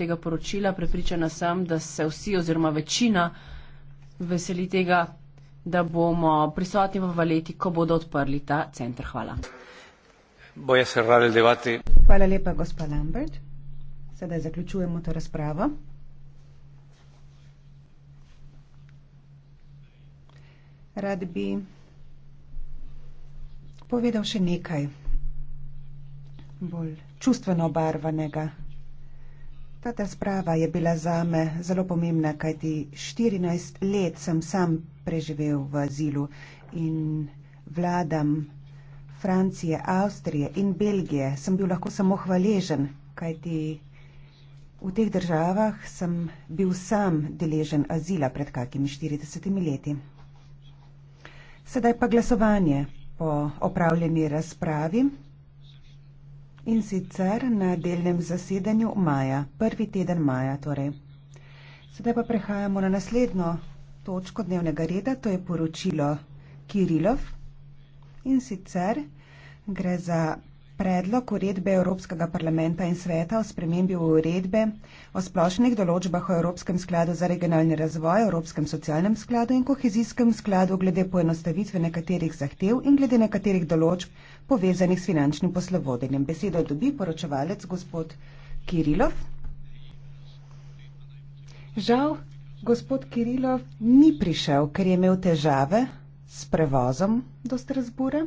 tega poročila. Prepričana sem, da se vsi oziroma večina veseli tega, da bomo prisotni v Valeti, ko bodo odprli ta center. Hvala. Boje se rade devati. Hvala lepa, gospod Lambert. Sedaj zaključujemo to razpravo. Rad bi povedal še nekaj bolj čustveno obarvanega. Ta razprava je bila za me zelo pomembna, kajti 14 let sem sam preživel v azilu in vladam Francije, Avstrije in Belgije sem bil lahko samo hvaležen, kajti v teh državah sem bil sam deležen azila pred kakimi 40 leti. Sedaj pa glasovanje po opravljeni razpravi. In sicer na delnem zasedanju maja, prvi teden maja torej. Sedaj pa prehajamo na naslednjo točko dnevnega reda, to je poročilo Kirilov. In sicer gre za predlog uredbe Evropskega parlamenta in sveta o spremembi uredbe o splošnih določbah o Evropskem skladu za regionalni razvoj, Evropskem socialnem skladu in kohezijskem skladu glede poenostavitve nekaterih zahtev in glede nekaterih določb povezanih s finančnim poslovodenjem. Besedo dobi poročevalec gospod Kirilov. Žal, gospod Kirilov ni prišel, ker je imel težave s prevozom do Strasbura.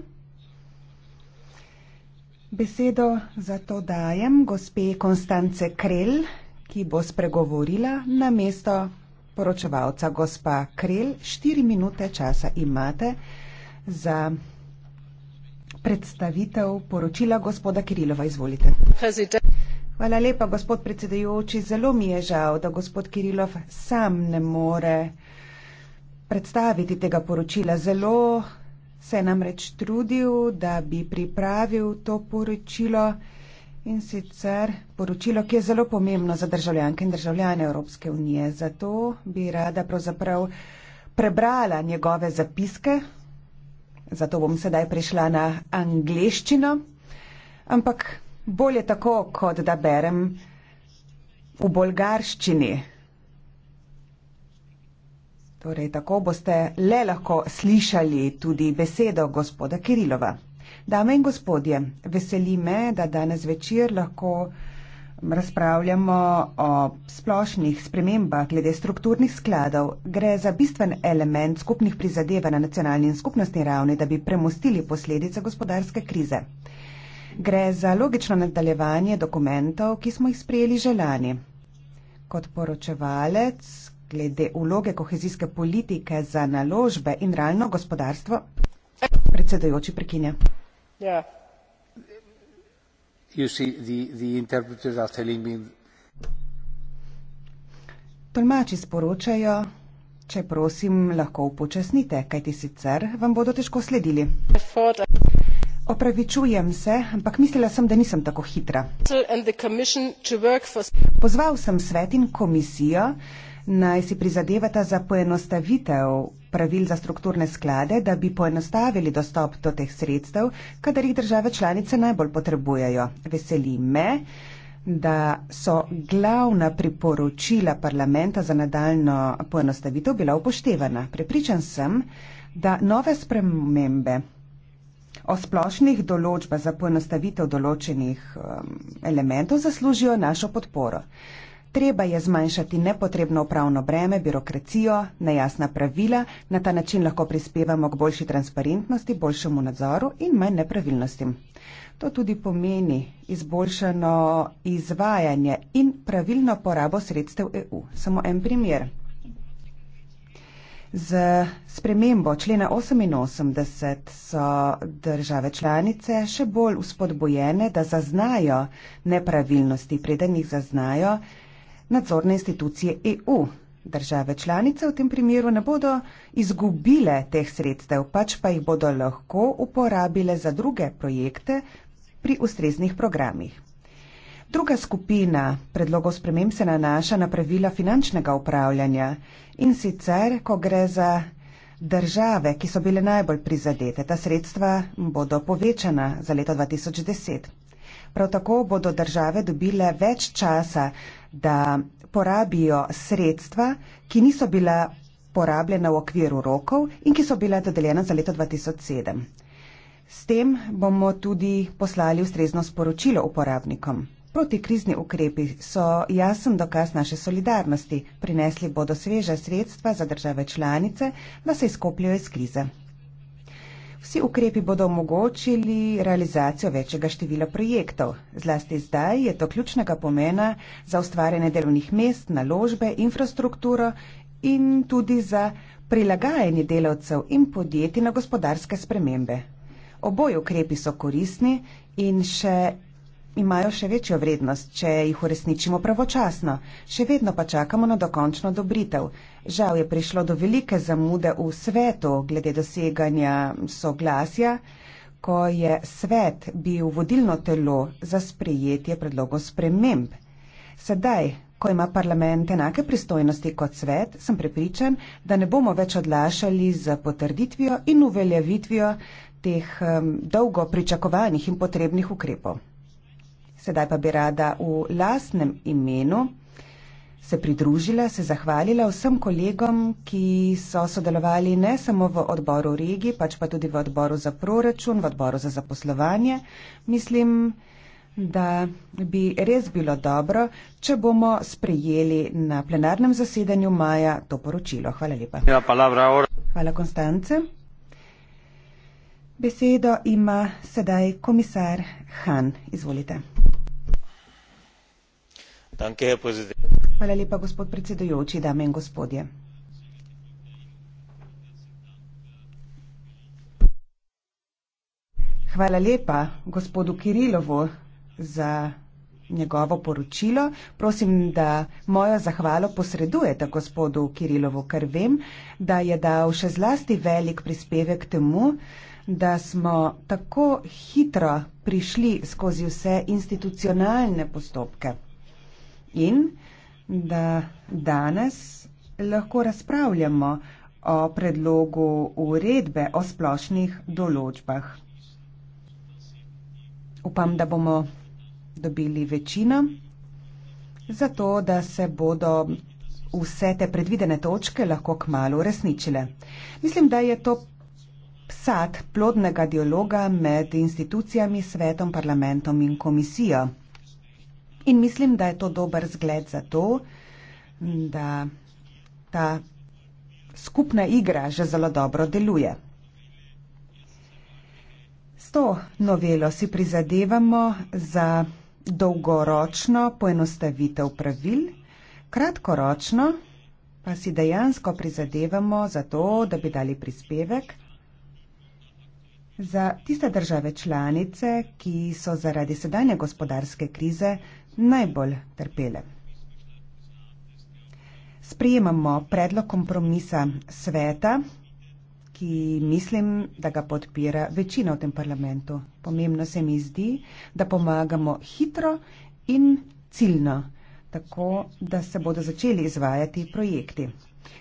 Besedo za to dajem gospe Konstance Krel, ki bo spregovorila na mesto poročevalca. Gospa Krel, štiri minute časa imate za predstavitev poročila gospoda Kirilova. Izvolite. Hvala lepa, gospod predsedajoči. Zelo mi je žal, da gospod Kirilov sam ne more predstaviti tega poročila. Zelo se je namreč trudil, da bi pripravil to poročilo in sicer poročilo, ki je zelo pomembno za državljanke in državljane Evropske unije. Zato bi rada pravzaprav prebrala njegove zapiske. Zato bom sedaj prišla na angliščino, ampak bolje tako, kot da berem v bolgarščini. Torej, tako boste le lahko slišali tudi besedo gospoda Kirilova. Dame in gospodje, veseli me, da danes večer lahko razpravljamo o splošnih spremembah glede strukturnih skladov. Gre za bistven element skupnih prizadeva na nacionalni in skupnostni ravni, da bi premustili posledice gospodarske krize. Gre za logično nadaljevanje dokumentov, ki smo jih sprejeli že lani. Kot poročevalec, glede vloge kohezijske politike za naložbe in realno gospodarstvo? Predsedujoči prekinja. Ja. Yeah. Tolmači sporočajo, če prosim lahko upočasnite, kajti sicer vam bodo težko sledili. Opravičujem se, ampak mislila sem, da nisem tako hitra. Pozval sem svet in komisijo, naj si prizadevata za poenostavitev pravil za strukturne sklade, da bi poenostavili dostop do teh sredstev, kadar jih države članice najbolj potrebujejo. Veseli me, da so glavna priporočila parlamenta za nadaljno poenostavitev bila upoštevana. Prepričan sem, da nove spremembe o splošnih določbah za poenostavitev določenih um, elementov zaslužijo našo podporo. Treba je zmanjšati nepotrebno upravno breme, birokracijo, nejasna pravila, na ta način lahko prispevamo k boljši transparentnosti, boljšemu nadzoru in manj nepravilnostim. To tudi pomeni izboljšano izvajanje in pravilno porabo sredstev EU. Samo en primer. Z spremembo člena 88 so države članice še bolj uspodbojene, da zaznajo nepravilnosti, preden jih zaznajo, nadzorne institucije EU. Države članice v tem primeru ne bodo izgubile teh sredstev, pač pa jih bodo lahko uporabile za druge projekte pri ustreznih programih. Druga skupina predlogov sprememb se nanaša na pravila finančnega upravljanja in sicer, ko gre za države, ki so bile najbolj prizadete, ta sredstva bodo povečana za leto 2010. Prav tako bodo države dobile več časa da porabijo sredstva, ki niso bila porabljena v okviru rokov in ki so bila dodeljena za leto 2007. S tem bomo tudi poslali ustrezno sporočilo uporabnikom. Protikrizni ukrepi so jasen dokaz naše solidarnosti. Prinesli bodo sveža sredstva za države članice, da se izkopljajo iz krize. Vsi ukrepi bodo omogočili realizacijo večjega števila projektov. Zlasti zdaj je to ključnega pomena za ustvarjanje delovnih mest, naložbe, infrastrukturo in tudi za prilagajanje delavcev in podjetij na gospodarske spremembe. Oboji ukrepi so korisni in še imajo še večjo vrednost, če jih uresničimo pravočasno. Še vedno pa čakamo na dokončno dobritev. Žal je prišlo do velike zamude v svetu glede doseganja soglasja, ko je svet bil vodilno telo za sprejetje predlogov sprememb. Sedaj, ko ima parlament enake pristojnosti kot svet, sem prepričan, da ne bomo več odlašali z potrditvijo in uveljavitvijo teh um, dolgo pričakovanih in potrebnih ukrepov. Sedaj pa bi rada v lastnem imenu se pridružila, se zahvalila vsem kolegom, ki so sodelovali ne samo v odboru regi, pač pa tudi v odboru za proračun, v odboru za zaposlovanje. Mislim, da bi res bilo dobro, če bomo sprejeli na plenarnem zasedanju maja to poročilo. Hvala lepa. Hvala, Konstance. Besedo ima sedaj komisar Han. Izvolite. Danke, Herr Präsident. Hvala lepa, gospod predsedujoči, dame in gospodje. Hvala lepa gospodu Kirilovu za njegovo poročilo. Prosim, da mojo zahvalo posredujete gospodu Kirilovu, ker vem, da je dal še zlasti velik prispevek k temu, da smo tako hitro prišli skozi vse institucionalne postopke. In da danes lahko razpravljamo o predlogu uredbe o splošnih določbah. Upam, da bomo dobili večino, zato da se bodo vse te predvidene točke lahko k malu resničile. Mislim, da je to sad plodnega dialoga med institucijami, svetom, parlamentom in komisijo. In mislim, da je to dober zgled za to, da ta skupna igra že zelo dobro deluje. S to novelo si prizadevamo za dolgoročno poenostavitev pravil, kratkoročno pa si dejansko prizadevamo za to, da bi dali prispevek. Za tiste države članice, ki so zaradi sedanje gospodarske krize najbolj trpele. Sprejemamo predlog kompromisa sveta, ki mislim, da ga podpira večina v tem parlamentu. Pomembno se mi zdi, da pomagamo hitro in ciljno, tako da se bodo začeli izvajati projekti.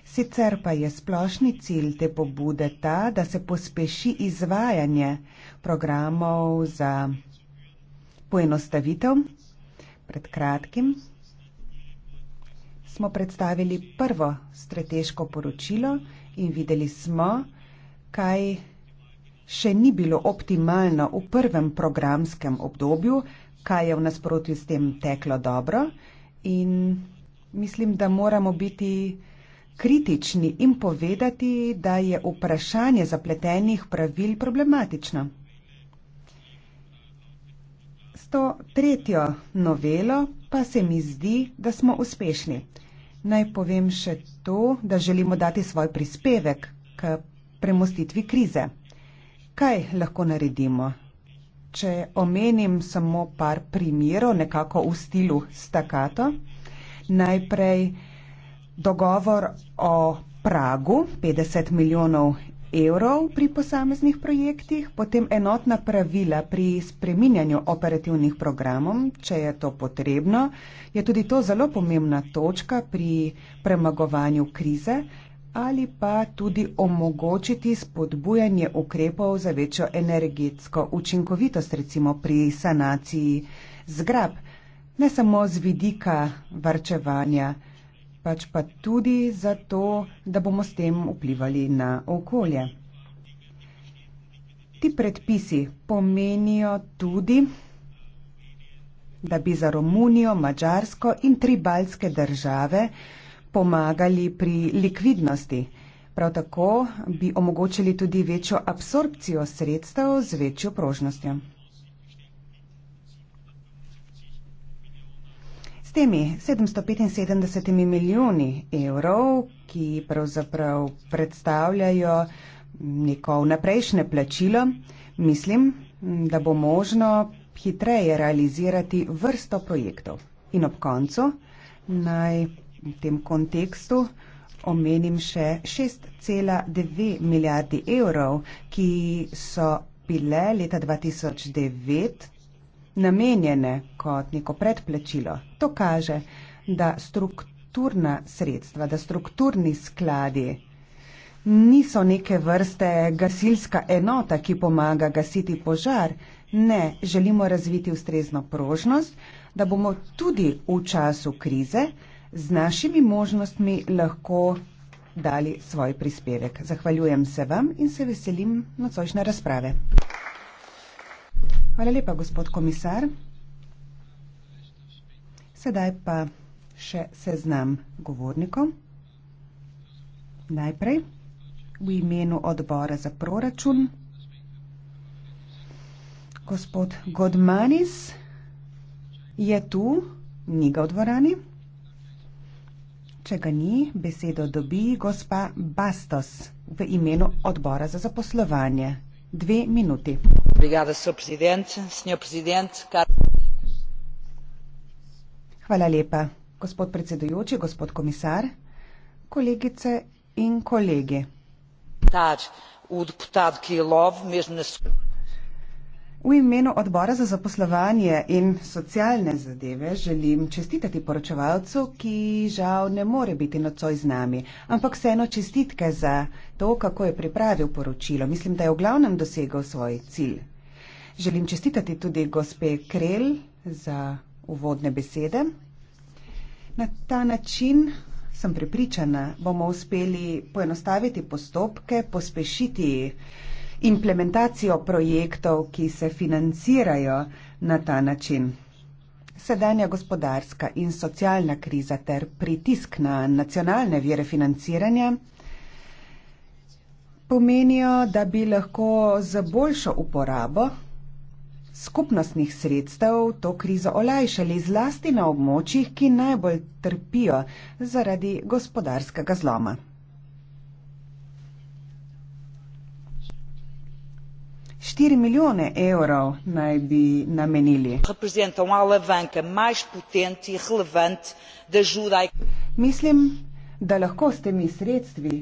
Sicer pa je splošni cilj te pobude ta, da se pospeši izvajanje programov za poenostavitev Pred kratkim smo predstavili prvo strateško poročilo in videli smo, kaj še ni bilo optimalno v prvem programskem obdobju, kaj je v nasprotju s tem teklo dobro in mislim, da moramo biti kritični in povedati, da je vprašanje zapletenih pravil problematično šesto, tretjo novelo, pa se mi zdi, da smo uspešni. Naj povem še to, da želimo dati svoj prispevek k premostitvi krize. Kaj lahko naredimo? Če omenim samo par primerov, nekako v stilu stakato. Najprej dogovor o pragu 50 milijonov evrov pri posameznih projektih, potem enotna pravila pri spreminjanju operativnih programov, če je to potrebno, je tudi to zelo pomembna točka pri premagovanju krize ali pa tudi omogočiti spodbujanje ukrepov za večjo energetsko učinkovitost, recimo pri sanaciji zgrab, ne samo z vidika varčevanja pač pa tudi zato, da bomo s tem vplivali na okolje. Ti predpisi pomenijo tudi, da bi za Romunijo, Mačarsko in tri baljske države pomagali pri likvidnosti. Prav tako bi omogočili tudi večjo absorpcijo sredstev z večjo prožnostjo. temi 775 milijoni evrov, ki pravzaprav predstavljajo neko naprejšnje plačilo, mislim, da bo možno hitreje realizirati vrsto projektov. In ob koncu naj v tem kontekstu omenim še 6,9 milijardi evrov, ki so bile leta 2009 namenjene kot neko predplačilo. To kaže, da strukturna sredstva, da strukturni skladi niso neke vrste gasilska enota, ki pomaga gasiti požar. Ne, želimo razviti ustrezno prožnost, da bomo tudi v času krize z našimi možnostmi lahko dali svoj prispevek. Zahvaljujem se vam in se veselim nocojšnje razprave. Hvala lepa, gospod komisar. Sedaj pa še seznam govornikov. Najprej v imenu odbora za proračun. Gospod Godmanis je tu, ni ga v dvorani. Če ga ni, besedo dobi gospa Bastos v imenu odbora za zaposlovanje. Dve minuti gospod predsednik senior president caro hvala lepa gospod predsedujoči gospod komisar kolegice in kolegi o deputado kilov mesmo V imenu odbora za zaposlovanje in socialne zadeve želim čestitati poročevalcu, ki žal ne more biti nocoj z nami, ampak vseeno čestitke za to, kako je pripravil poročilo. Mislim, da je v glavnem dosegel svoj cilj. Želim čestitati tudi gospe Krel za uvodne besede. Na ta način sem prepričana, bomo uspeli poenostaviti postopke, pospešiti implementacijo projektov, ki se financirajo na ta način. Sedanja gospodarska in socialna kriza ter pritisk na nacionalne vire financiranja pomenijo, da bi lahko z boljšo uporabo skupnostnih sredstev to krizo olajšali zlasti na območjih, ki najbolj trpijo zaradi gospodarskega zloma. Štiri milijone evrov naj bi namenili. E Mislim, da lahko s temi sredstvi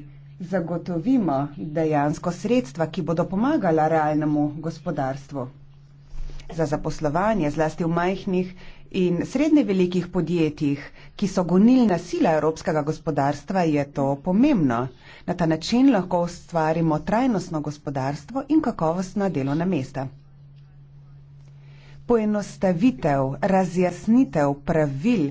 zagotovimo dejansko sredstva, ki bodo pomagala realnemu gospodarstvu za zaposlovanje, zlasti v majhnih in srednje velikih podjetjih, ki so gonilna sila evropskega gospodarstva, je to pomembno. Na ta način lahko ustvarimo trajnostno gospodarstvo in kakovostna delovna mesta. Poenostavitev, razjasnitev pravil,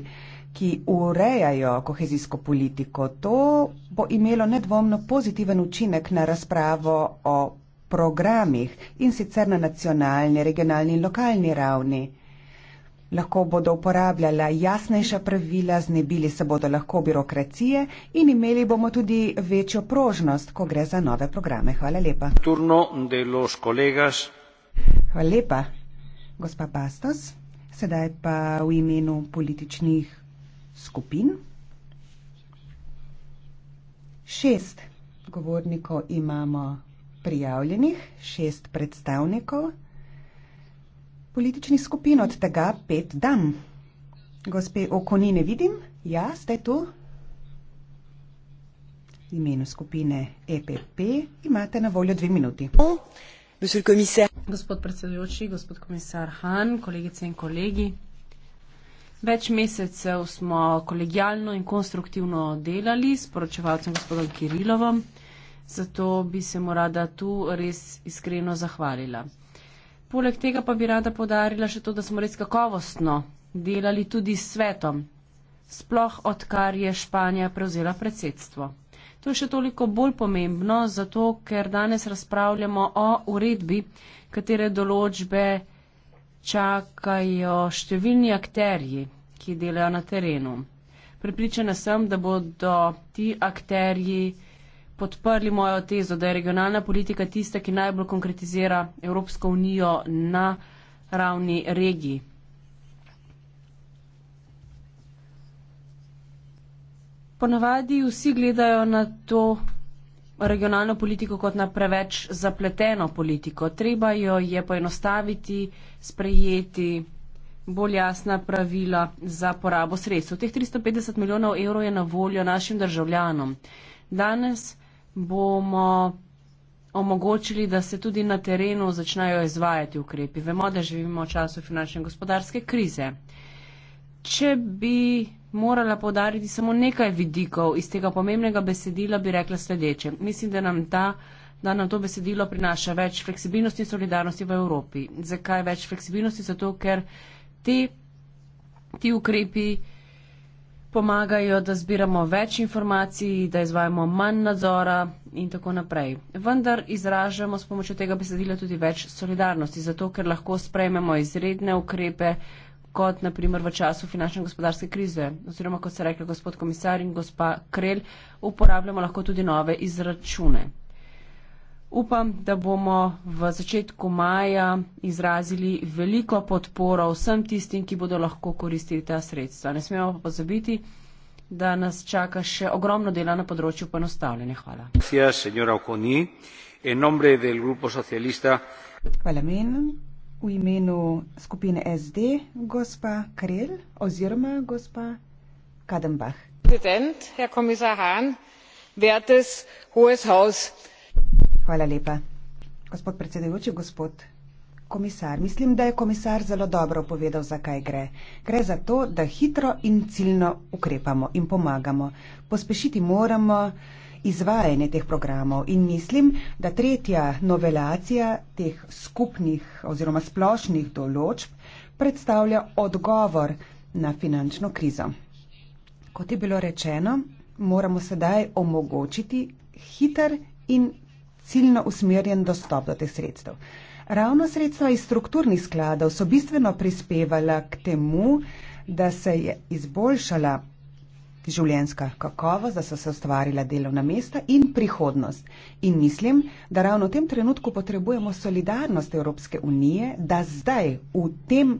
ki urejajo kohezijsko politiko, to bo imelo nedvomno pozitiven učinek na razpravo o programih in sicer na nacionalni, regionalni in lokalni ravni. Lahko bodo uporabljala jasnejša pravila, znebili se bodo lahko birokracije in imeli bomo tudi večjo prožnost, ko gre za nove programe. Hvala lepa. Hvala lepa, gospa Bastos. Sedaj pa v imenu političnih skupin. Šest govornikov imamo prijavljenih šest predstavnikov političnih skupin, od tega pet dam. Gospe Okoni ne vidim, ja, ste tu. V imenu skupine EPP imate na voljo dve minuti. Gospod predsedujoči, gospod komisar Han, kolegice in kolegi. Več mesecev smo kolegijalno in konstruktivno delali s poročevalcem gospodom Kirilovom zato bi se mu rada tu res iskreno zahvalila. Poleg tega pa bi rada podarila še to, da smo res kakovostno delali tudi s svetom, sploh odkar je Španija prevzela predsedstvo. To je še toliko bolj pomembno, zato ker danes razpravljamo o uredbi, katere določbe čakajo številni akterji, ki delajo na terenu. Pripričana sem, da bodo ti akterji podprli mojo tezo, da je regionalna politika tista, ki najbolj konkretizira Evropsko unijo na ravni regiji. Ponavadi vsi gledajo na to regionalno politiko kot na preveč zapleteno politiko. Treba jo je poenostaviti, sprejeti bolj jasna pravila za porabo sredstev. Teh 350 milijonov evrov je na voljo našim državljanom. Danes bomo omogočili, da se tudi na terenu začnejo izvajati ukrepi. Vemo, da živimo v času finančne in gospodarske krize. Če bi morala podariti samo nekaj vidikov iz tega pomembnega besedila, bi rekla sledeče. Mislim, da nam, ta, da nam to besedilo prinaša več fleksibilnosti in solidarnosti v Evropi. Zakaj več fleksibilnosti? Zato, ker te, ti ukrepi pomagajo, da zbiramo več informacij, da izvajamo manj nadzora in tako naprej. Vendar izražamo s pomočjo tega besedila tudi več solidarnosti, zato ker lahko sprejmemo izredne ukrepe, kot naprimer v času finančne gospodarske krize, oziroma kot se reka gospod komisar in gospa Krel, uporabljamo lahko tudi nove izračune. Upam, da bomo v začetku maja izrazili veliko podporo vsem tistim, ki bodo lahko koristili ta sredstva. Ne smemo pa pozabiti, da nas čaka še ogromno dela na področju poenostavljanja. Hvala. Hvala menim. V imenu skupine SD, gospa Krel oziroma gospa Kadenbach. Hvala lepa. Gospod predsedujoči, gospod komisar. Mislim, da je komisar zelo dobro povedal, zakaj gre. Gre za to, da hitro in ciljno ukrepamo in pomagamo. Pospešiti moramo izvajanje teh programov in mislim, da tretja novelacija teh skupnih oziroma splošnih določb predstavlja odgovor na finančno krizo. Kot je bilo rečeno, moramo sedaj omogočiti hiter in ciljno usmerjen dostop do teh sredstev. Ravno sredstva iz strukturnih skladov so bistveno prispevala k temu, da se je izboljšala življenska kakovost, da so se ustvarila delovna mesta in prihodnost. In mislim, da ravno v tem trenutku potrebujemo solidarnost Evropske unije, da zdaj v tem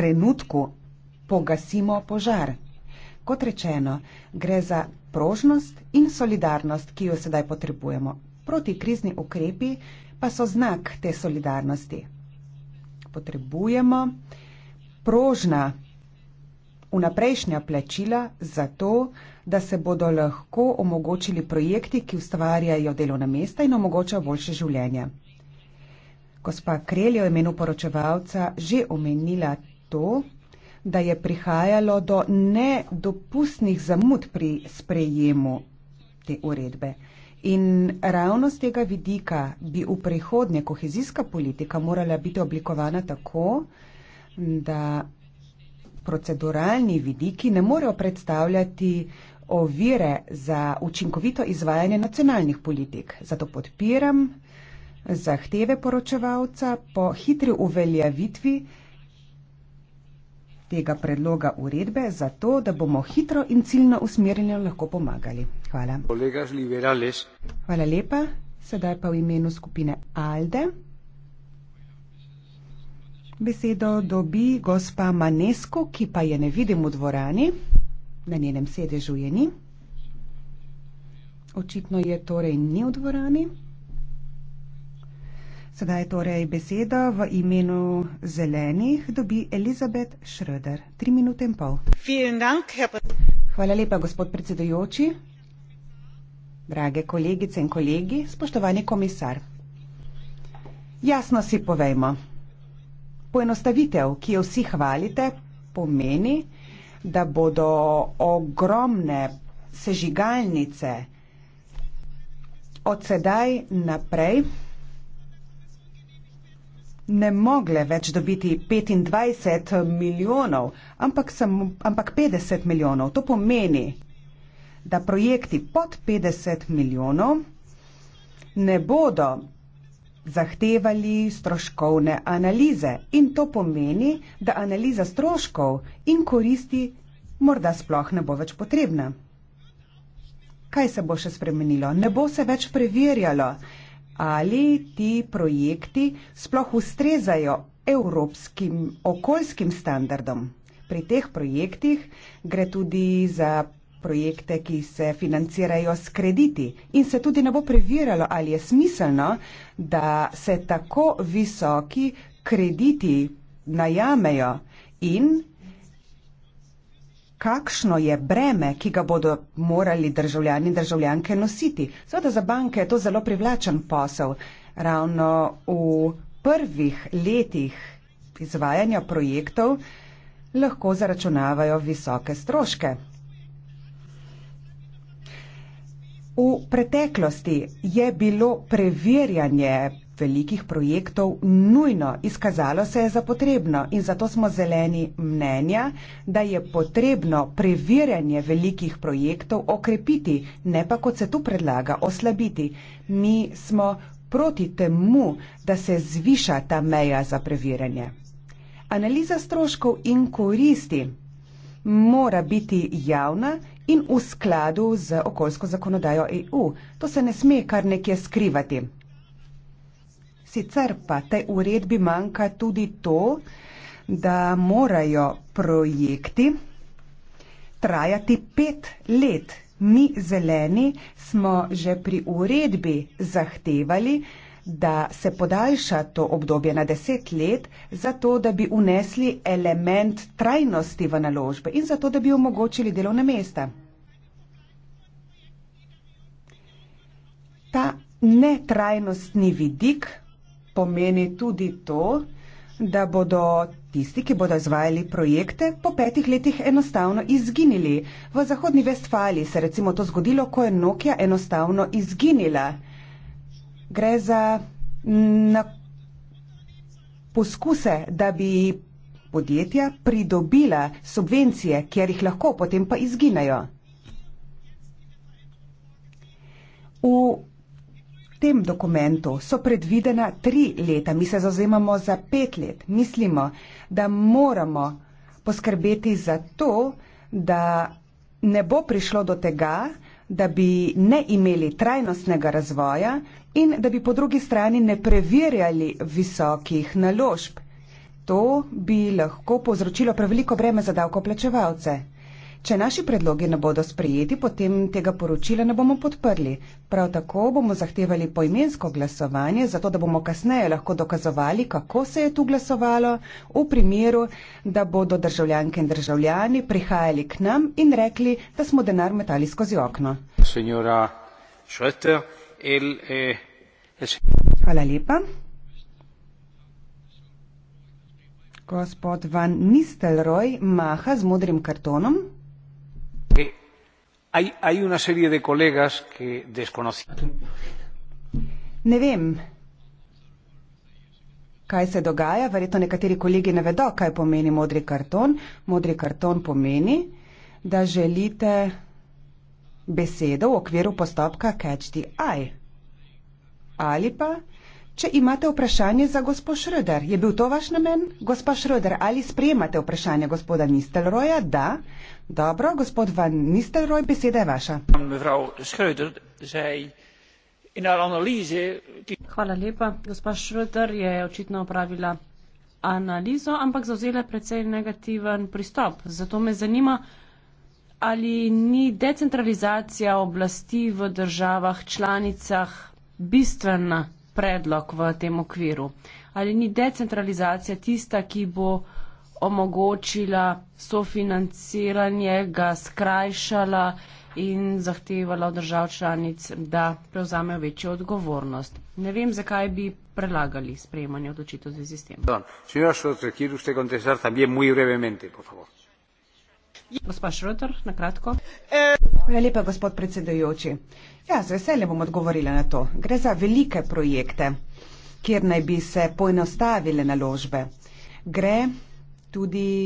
trenutku pogasimo požar. Kot rečeno, gre za prožnost in solidarnost, ki jo sedaj potrebujemo protikrizni ukrepi pa so znak te solidarnosti. Potrebujemo prožna vnaprejšnja plačila za to, da se bodo lahko omogočili projekti, ki ustvarjajo delovna mesta in omogočajo boljše življenje. Gospa Krelj je v imenu poročevalca že omenila to, da je prihajalo do nedopustnih zamud pri sprejemu te uredbe. In ravno z tega vidika bi v prihodnje kohezijska politika morala biti oblikovana tako, da proceduralni vidiki ne morejo predstavljati ovire za učinkovito izvajanje nacionalnih politik. Zato podpiram zahteve poročevalca po hitri uveljavitvi tega predloga uredbe, zato da bomo hitro in ciljno usmerjeno lahko pomagali. Hvala. Hvala lepa. Sedaj pa v imenu skupine Alde. Besedo dobi gospa Manesko, ki pa je ne vidim v dvorani. Na njenem sedežu je ni. Očitno je torej ni v dvorani. Sedaj torej beseda v imenu zelenih dobi Elizabet Schröder. Tri minute in pol. Hvala lepa, gospod predsedujoči. Drage kolegice in kolegi, spoštovani komisar. Jasno si povejmo. Poenostavitev, ki jo vsi hvalite, pomeni, da bodo ogromne sežigalnice od sedaj naprej ne mogle več dobiti 25 milijonov, ampak, sem, ampak 50 milijonov. To pomeni, da projekti pod 50 milijonov ne bodo zahtevali stroškovne analize. In to pomeni, da analiza stroškov in koristi morda sploh ne bo več potrebna. Kaj se bo še spremenilo? Ne bo se več preverjalo, ali ti projekti sploh ustrezajo evropskim okoljskim standardom. Pri teh projektih gre tudi za projekte, ki se financirajo s krediti in se tudi ne bo preverjalo, ali je smiselno, da se tako visoki krediti najamejo in kakšno je breme, ki ga bodo morali državljani in državljanke nositi. Sveda za banke je to zelo privlačen posel. Ravno v prvih letih izvajanja projektov lahko zaračunavajo visoke stroške. V preteklosti je bilo preverjanje velikih projektov nujno izkazalo se je za potrebno in zato smo zeleni mnenja, da je potrebno preverjanje velikih projektov okrepiti, ne pa kot se tu predlaga oslabiti. Mi smo proti temu, da se zviša ta meja za preverjanje. Analiza stroškov in koristi mora biti javna in v skladu z okoljsko zakonodajo EU. To se ne sme kar nekje skrivati. Sicer pa tej uredbi manjka tudi to, da morajo projekti trajati pet let. Mi zeleni smo že pri uredbi zahtevali, da se podaljša to obdobje na deset let, zato da bi unesli element trajnosti v naložbe in zato da bi omogočili delovne mesta. Ta netrajnostni vidik pomeni tudi to, da bodo tisti, ki bodo izvajali projekte, po petih letih enostavno izginili. V Zahodni Vestfali se recimo to zgodilo, ko je Nokia enostavno izginila. Gre za poskuse, da bi podjetja pridobila subvencije, kjer jih lahko potem pa izginajo. V tem dokumentu so predvidena tri leta, mi se zauzemamo za pet let. Mislimo, da moramo poskrbeti za to, da ne bo prišlo do tega, da bi ne imeli trajnostnega razvoja in da bi po drugi strani ne preverjali visokih naložb. To bi lahko povzročilo preveliko breme za davkoplačevalce. Če naši predlogi ne bodo sprejeti, potem tega poročila ne bomo podprli. Prav tako bomo zahtevali poimensko glasovanje, zato da bomo kasneje lahko dokazovali, kako se je tu glasovalo, v primeru, da bodo državljanke in državljani prihajali k nam in rekli, da smo denar metali skozi okno. Eh, Hvala lepa. Gospod Van Nistelrooy maha z modrim kartonom. Hay, hay una serie de colegas que desconocen. Ne vem, kaj se dogaja. Verjetno nekateri kolegi ne vedo, kaj pomeni modri karton. Modri karton pomeni, da želite besedo v okviru postopka catch the eye. Ali pa Če imate vprašanje za gospod Šröder, je bil to vaš namen? Gospa Šröder, ali sprejemate vprašanje gospoda Nistelroja? Da. Dobro, gospod Van Nistelroj, beseda je vaša. Hvala lepa. Gospa Šröder je očitno opravila analizo, ampak zauzela precej negativen pristop. Zato me zanima, ali ni decentralizacija oblasti v državah članicah bistvena predlog v tem okviru. Ali ni decentralizacija tista, ki bo omogočila sofinanciranje, ga skrajšala in zahtevala od držav članic, da prevzamejo večjo odgovornost. Ne vem, zakaj bi prelagali sprejemanje odločitev z sistemom. Gospa Šrotar, na kratko. Hvala lepa, gospod predsedujoči. Ja, z veseljem bom odgovorila na to. Gre za velike projekte, kjer naj bi se poenostavile naložbe. Gre tudi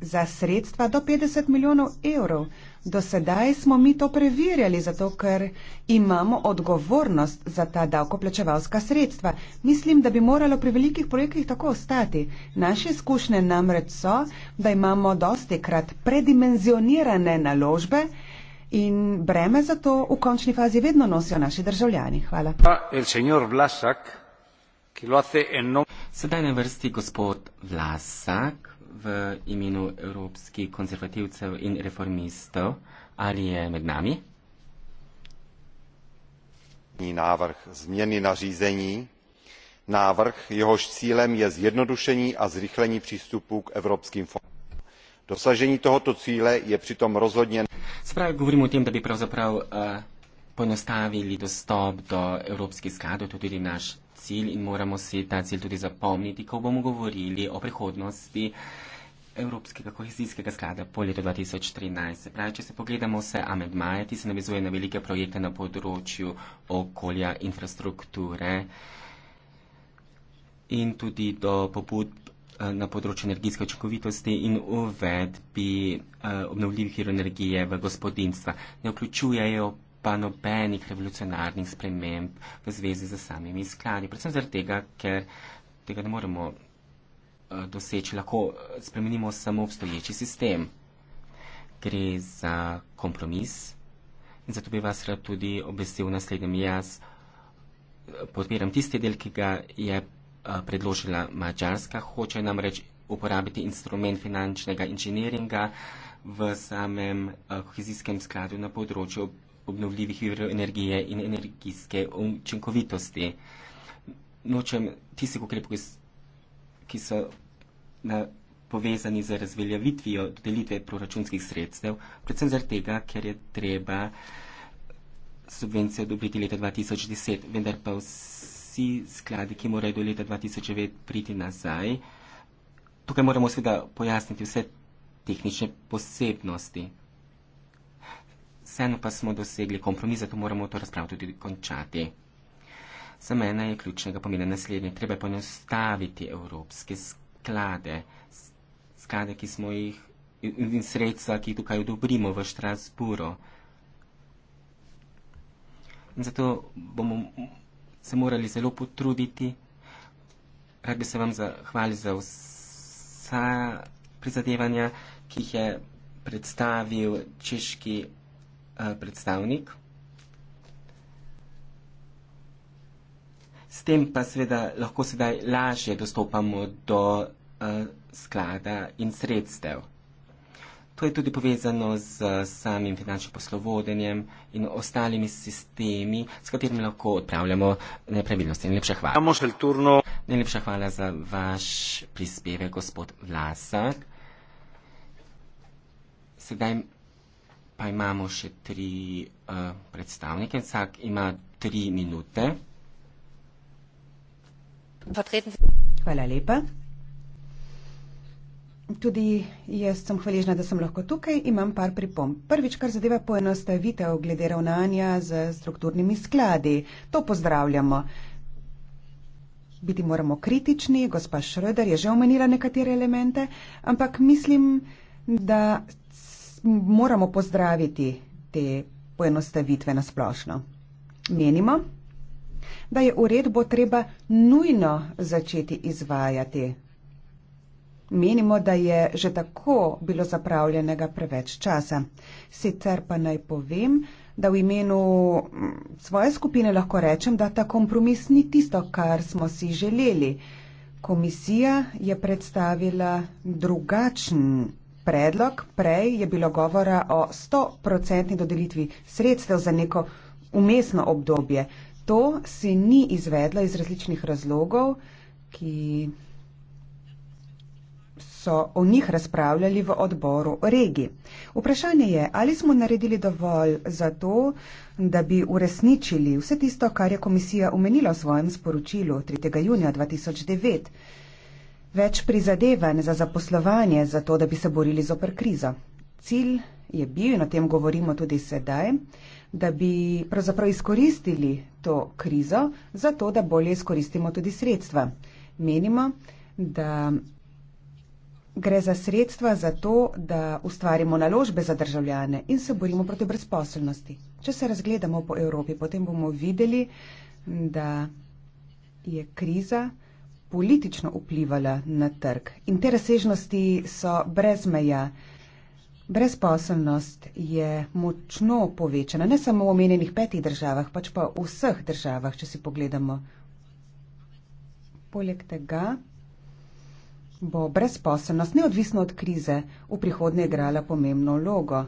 za sredstva do 50 milijonov evrov. Do sedaj smo mi to preverjali, zato ker imamo odgovornost za ta davkoplačevalska sredstva. Mislim, da bi moralo pri velikih projektih tako ostati. Naše izkušnje namreč so, da imamo dosti krat predimenzionirane naložbe in breme za to v končni fazi vedno nosijo naši državljani. Hvala. Sedaj na vrsti gospod Vlasak v imenu evropskih konzervativcev in reformistov. Ali je med nami? Návrh změny nařízení. Návrh, jehož cílem je zjednodušení a zrychlení přístupu k evropským fondům. Dosažení tohoto cíle je přitom rozhodně. Zprávě govorím o tem, da bi pravzaprav uh, ponostavili dostop do Evropske sklade, to je tudi naš cilj in moramo si ta cilj tudi zapomniti, ko bomo govorili o prihodnosti Evropskega kohezijskega sklada po letu 2013. Se pravi, če se pogledamo vse amedmaje, ti se navizuje na velike projekte na področju okolja, infrastrukture in tudi do pobud eh, na področju energijske očekovitosti in uvedbi uh, obnovljivih hirov energije v gospodinstva. Ne vključujejo pa nobenih revolucionarnih sprememb v zvezi z samimi skladi. Predvsem zaradi tega, ker tega ne moremo uh, doseči, lahko eh, spremenimo samo obstoječi sistem. Gre za kompromis in zato bi vas rad tudi obvestil naslednjem. Jaz eh, podpiram tisti del, ki ga je uh, predložila Mačarska, hoče namreč uporabiti instrument finančnega inženiringa v samem uh, kohezijskem skladu na področju obnovljivih virov energije in energijske učinkovitosti. Nočem tistih ukrepov, ki so na, povezani z razveljavitvijo dodelitve proračunskih sredstev, predvsem zaradi tega, ker je treba subvencije odobriti leta 2010, vendar pa vsi skladi, ki morajo do leta 2009 priti nazaj, tukaj moramo seveda pojasniti vse tehnične posebnosti vseeno pa smo dosegli kompromis, zato moramo to razpravo tudi končati. Za mene je ključnega pomena naslednje. Treba je poenostaviti evropske sklade, sklade, ki smo jih in sredstva, ki jih tukaj odobrimo v Štrasburu. In zato bomo se morali zelo potruditi. Rad bi se vam zahvalil za vsa prizadevanja, ki jih je predstavil češki Eh, predstavnik. S tem pa seveda lahko sedaj lažje dostopamo do eh, sklada in sredstev. To je tudi povezano z samim finančnim poslovodenjem in ostalimi sistemi, s katerimi lahko odpravljamo nepravilnosti. Najlepša hvala. Najlepša hvala za vaš prispevek, gospod Vlasak. Sedaj pa imamo še tri uh, predstavnike, vsak ima tri minute. Hvala lepa. Tudi jaz sem hvaležna, da sem lahko tukaj, imam par pripomb. Prvič, kar zadeva poenostavitev glede ravnanja z strukturnimi skladi, to pozdravljamo. Biti moramo kritični, gospa Šröder je že omenila nekatere elemente, ampak mislim, da moramo pozdraviti te poenostavitve na splošno. Menimo, da je uredbo treba nujno začeti izvajati. Menimo, da je že tako bilo zapravljenega preveč časa. Sicer pa naj povem, da v imenu mm, svoje skupine lahko rečem, da ta kompromis ni tisto, kar smo si želeli. Komisija je predstavila drugačen predlog. Prej je bilo govora o 100-procentni dodelitvi sredstev za neko umestno obdobje. To se ni izvedlo iz različnih razlogov, ki so o njih razpravljali v odboru regi. Vprašanje je, ali smo naredili dovolj za to, da bi uresničili vse tisto, kar je komisija omenila v svojem sporočilu 3. junija 2009 več prizadevanj za zaposlovanje, zato da bi se borili z opr krizo. Cilj je bil, in o tem govorimo tudi sedaj, da bi pravzaprav izkoristili to krizo, zato da bolje izkoristimo tudi sredstva. Menimo, da gre za sredstva za to, da ustvarimo naložbe za državljane in se borimo proti brezposelnosti. Če se razgledamo po Evropi, potem bomo videli, da je kriza politično vplivala na trg in te razsežnosti so brez meja. Brezposelnost je močno povečana, ne samo v omenjenih petih državah, pač pa v vseh državah, če si pogledamo. Poleg tega bo brezposelnost, neodvisno od krize, v prihodnje igrala pomembno vlogo.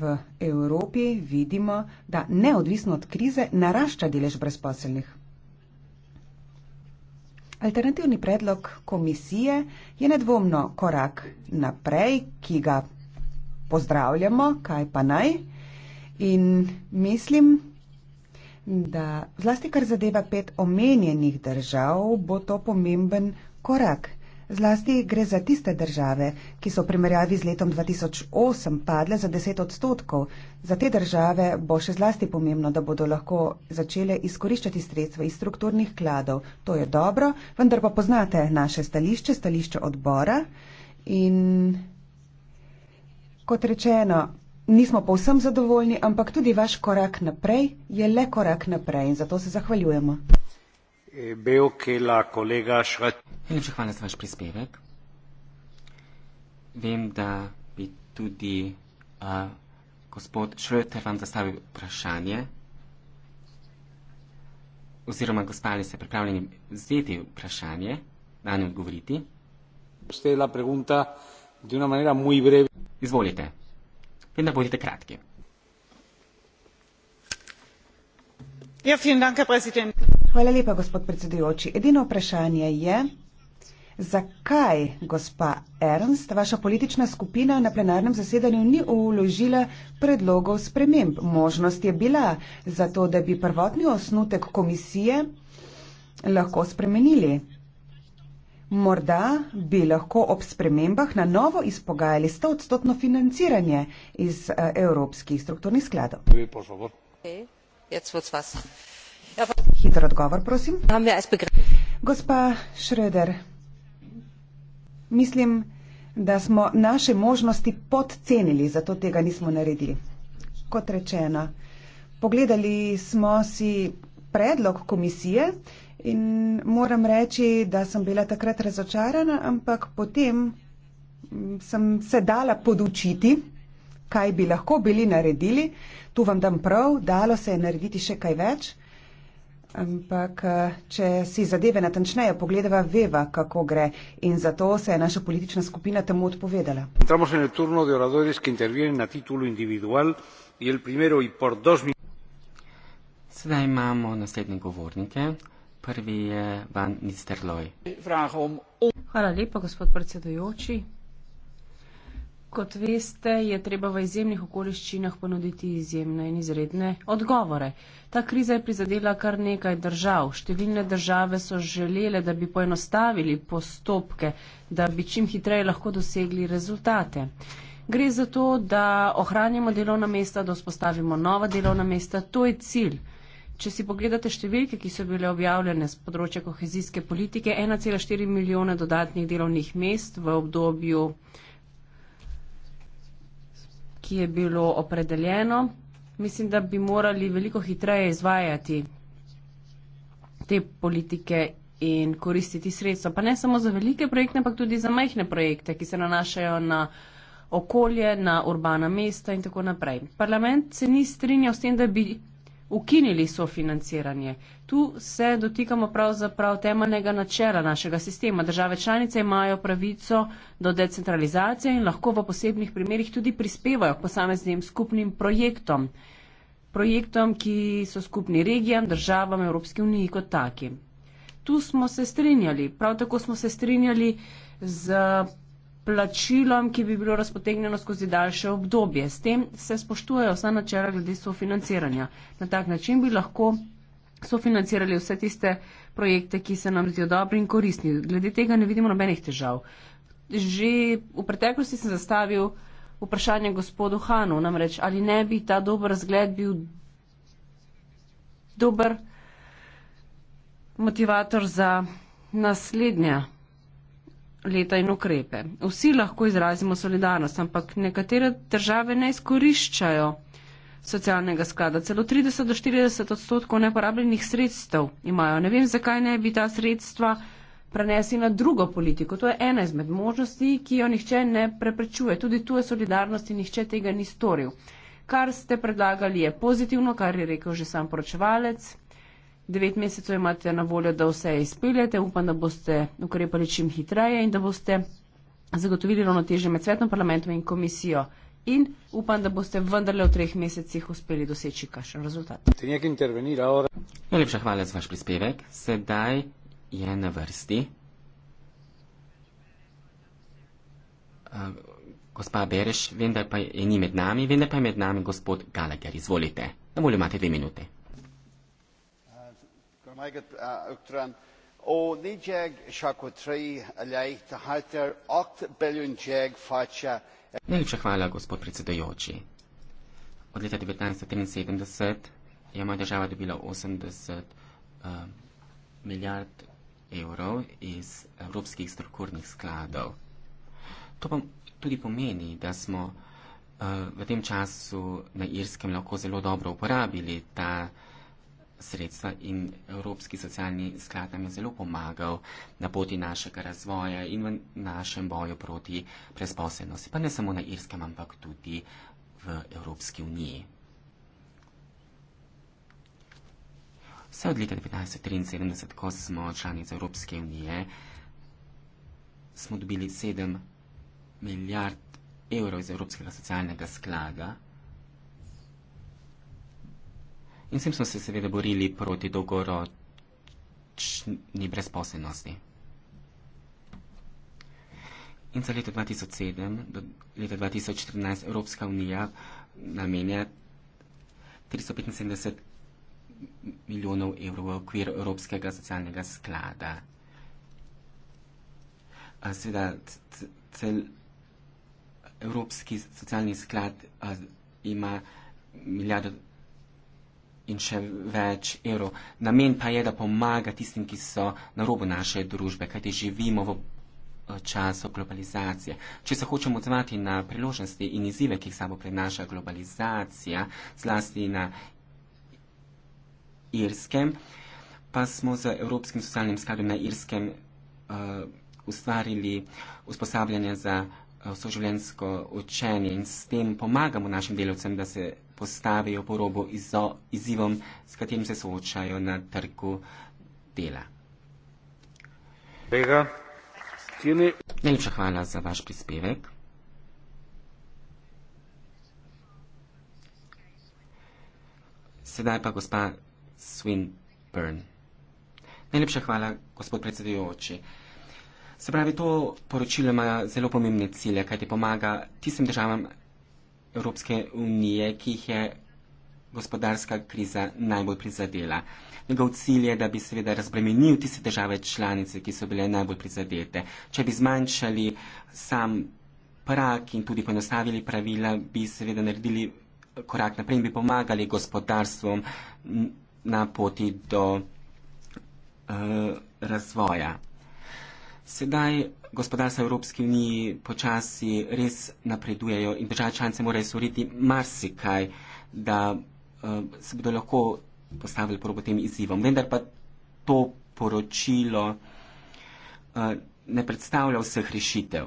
V Evropi vidimo, da neodvisno od krize narašča delež brezposelnih. Alternativni predlog komisije je nedvomno korak naprej, ki ga pozdravljamo, kaj pa naj. In mislim, da zlasti kar zadeva pet omenjenih držav, bo to pomemben korak. Zlasti gre za tiste države, ki so v primerjavi z letom 2008 padle za 10 odstotkov. Za te države bo še zlasti pomembno, da bodo lahko začele izkoriščati sredstva iz strukturnih kladov. To je dobro, vendar pa poznate naše stališče, stališče odbora. In kot rečeno, nismo povsem zadovoljni, ampak tudi vaš korak naprej je le korak naprej in zato se zahvaljujemo. Eh, Najlepša hvala za vaš prispevek. Vem, da bi tudi uh, gospod Šrter vam zastavil vprašanje oziroma gospa ali ste pripravljeni vzeti vprašanje, na njo odgovoriti. Izvolite. Vem, da bodite kratki. Ja, vielen Dank, Herr Präsident. Hvala lepa, gospod predsedujoči. Edino vprašanje je, zakaj gospa Ernst, vaša politična skupina na plenarnem zasedanju ni uložila predlogov sprememb. Možnost je bila za to, da bi prvotni osnutek komisije lahko spremenili. Morda bi lahko ob spremembah na novo izpogajali 100 odstotno financiranje iz eh, evropskih strukturnih skladov. Okay. Ja, Hiter odgovor, prosim. Gospa Šreder, mislim, da smo naše možnosti podcenili, zato tega nismo naredili. Kot rečeno, pogledali smo si predlog komisije in moram reči, da sem bila takrat razočarana, ampak potem mm, sem se dala podučiti, kaj bi lahko bili naredili. Tu vam dam prav, dalo se je narediti še kaj več. Ampak, eh, če si zadeve natančneje pogledava, veva, kako gre in zato se je naša politična skupina temu odpovedala. Zdaj imamo naslednje govornike. Prvi je van Nisterloj. Hvala lepa, gospod predsedujoči kot veste, je treba v izjemnih okoliščinah ponuditi izjemne in izredne odgovore. Ta kriza je prizadela kar nekaj držav. Številne države so želele, da bi poenostavili postopke, da bi čim hitreje lahko dosegli rezultate. Gre za to, da ohranjamo delovna mesta, da vzpostavimo nova delovna mesta. To je cilj. Če si pogledate številke, ki so bile objavljene z področja kohezijske politike, 1,4 milijona dodatnih delovnih mest v obdobju ki je bilo opredeljeno. Mislim, da bi morali veliko hitreje izvajati te politike in koristiti sredstva, pa ne samo za velike projekte, ampak tudi za majhne projekte, ki se nanašajo na okolje, na urbana mesta in tako naprej. Parlament se ni strinjal s tem, da bi ukinili so financiranje. Tu se dotikamo pravzaprav temeljnega načela našega sistema. Države članice imajo pravico do decentralizacije in lahko v posebnih primerjih tudi prispevajo k posameznim skupnim projektom. Projektom, ki so skupni regijam, državam Evropske unije kot taki. Tu smo se strinjali, prav tako smo se strinjali z plačilom, ki bi bilo razpotegnjeno skozi daljše obdobje. S tem se spoštujejo vsa načela glede sofinanciranja. Na tak način bi lahko sofinancirali vse tiste projekte, ki se nam zdijo dobri in koristni. Glede tega ne vidimo nobenih težav. Že v preteklosti sem zastavil vprašanje gospodu Hanu, namreč ali ne bi ta dober zgled bil dober motivator za naslednja leta in ukrepe. Vsi lahko izrazimo solidarnost, ampak nekatere države ne izkoriščajo socialnega sklada. Celo 30 do 40 odstotkov neporabljenih sredstev imajo. Ne vem, zakaj ne bi ta sredstva prenesli na drugo politiko. To je ena izmed možnosti, ki jo nihče ne preprečuje. Tudi tu je solidarnost in nihče tega ni storil. Kar ste predlagali je pozitivno, kar je rekel že sam poročevalec devet mesecev imate na voljo, da vse izpeljete. Upam, da boste ukrepali čim hitreje in da boste zagotovili ravnotežje med svetom parlamentom in komisijo. In upam, da boste vendarle v treh mesecih uspeli doseči kakšen rezultat. Najlepša hvala za vaš prispevek. Sedaj je na vrsti uh, gospa Bereš, vendar pa je ni med nami, vendar pa je med nami gospod Galager. Izvolite, na voljo imate dve minute. Gur meget Utran ó níéag se go trí a leiit ja, a háar 8 beún jeag fáte. Nem se chvála gospod predseda Joči. Od leta 1973 je moja država dobila 80 uh, milijard evrov iz evropskih strukturnih skladov. To pa tudi pomeni, da smo uh, v tem času na Irskem lahko zelo dobro uporabili ta uh, sredstva in Evropski socialni sklad nam je zelo pomagal na poti našega razvoja in v našem boju proti presposebnosti. Pa ne samo na Irskem, ampak tudi v Evropski uniji. Vse od leta 1973, ko smo članice Evropske unije, smo dobili 7 milijard evrov iz Evropskega socialnega sklada In s tem smo se seveda borili proti dolgoročni brezposelnosti. In za leto 2007 do leta 2014 Evropska unija namenja 375 milijonov evrov v okvir Evropskega socialnega sklada. Sveda, cel Evropski socialni sklad ima milijardo in še več evrov. Namen pa je, da pomaga tistim, ki so na robu naše družbe, kajti živimo v eh, času globalizacije. Če se hočemo odzvati na priložnosti in izzive, ki jih sabo prenaša globalizacija, zlasti na Irskem, pa smo z Evropskim socialnim skladom na Irskem uh, ustvarili usposabljanje za vsoživljenjsko učenje in s tem pomagamo našim delovcem, da se postavijo po robu izo, izzivom, s katerim se soočajo na trgu dela. Bega, tini... Najlepša hvala za vaš prispevek. Sedaj pa gospa Swinburne. Najlepša hvala, gospod predsedujoči. Se pravi, to poročilo ima zelo pomembne cilje, kajti pomaga tistim državam Evropske unije, ki jih je gospodarska kriza najbolj prizadela. Njegov cilj je, da bi seveda razbremenil tiste države članice, ki so bile najbolj prizadete. Če bi zmanjšali sam prak in tudi poenostavili pravila, bi seveda naredili korak naprej in bi pomagali gospodarstvom na poti do uh, razvoja. Sedaj gospodarstva Evropske unije počasi res napredujejo in države članice morajo storiti marsikaj, da uh, se bodo lahko postavili prvo tem izzivom. Vendar pa to poročilo uh, ne predstavlja vseh rešitev.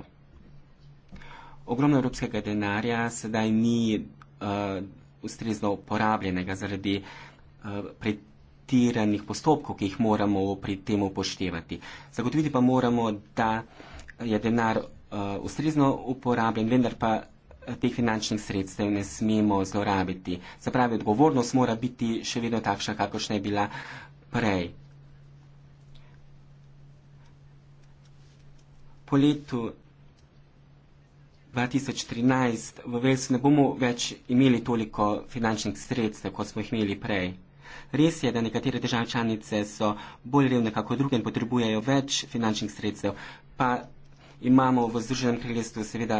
Ogromno evropskega denarja sedaj ni uh, ustrezno uporabljenega zaradi uh, predpisov limitiranih postopkov, ki jih moramo pri tem upoštevati. Zagotoviti pa moramo, da je denar uh, ustrezno uporabljen, vendar pa eh, teh finančnih sredstev ne smemo zlorabiti. Se pravi, odgovornost mora biti še vedno takšna, kakošna je bila prej. Po letu 2013 v Velsu ne bomo več imeli toliko finančnih sredstev, kot smo jih imeli prej. Res je, da nekatere države članice so bolj revne kako druge in potrebujejo več finančnih sredstev. Pa imamo v Združenem kraljestvu seveda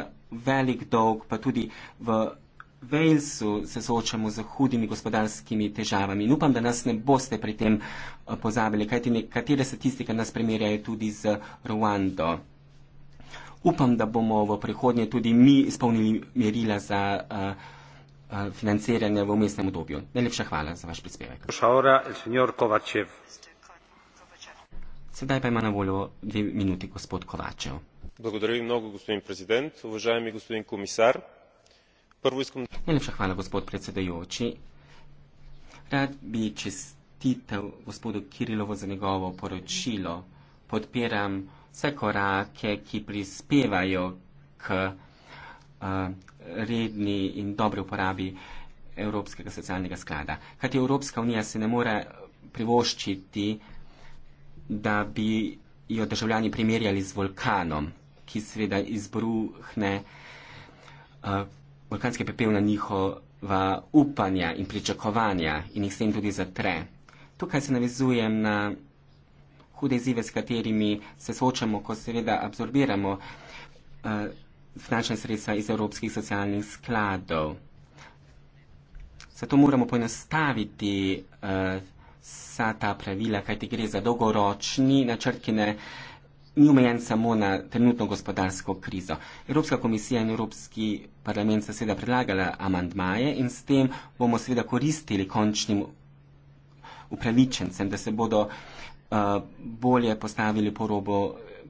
velik dolg, pa tudi v Walesu se soočamo z hudimi gospodarskimi težavami. In upam, da nas ne boste pri tem eh, pozabili, kajti nekatere statistike nas primerjajo tudi z Ruando. Upam, da bomo v prihodnje tudi mi izpolnili merila za uh, Eh, financiranja v umestnem obdobju. Najlepša hvala za vaš prispevek. Sedaj pa ima na voljo dve minuti gospod Kovačev. Благодаря ви много, господин президент. Уважаеми господин комисар, първо искам да... Най-лепша хвала, господ председайочи. Рад би честител господу Кирилово за негово поручило. Подпирам все кораке, ки приспевайо к redni in dobri uporabi Evropskega socialnega sklada. Kajti Evropska unija se ne more privoščiti, da bi jo državljani primerjali z vulkanom, ki seveda izbruhne uh, vulkanske pepel na njihova upanja in pričakovanja in jih s tem tudi zatre. Tukaj se navezujem na hude izzive, s katerimi se soočamo, ko seveda absorbiramo uh, finančna sredstva iz evropskih socialnih skladov. Zato moramo poenostaviti eh, vsa uh, ta pravila, kajti gre za dolgoročni načrt, ki ne, ni omejen samo na trenutno gospodarsko krizo. Evropska komisija in Evropski parlament so seveda predlagala amandmaje in s tem bomo seveda koristili končnim upravičencem, da se bodo uh, bolje postavili po robo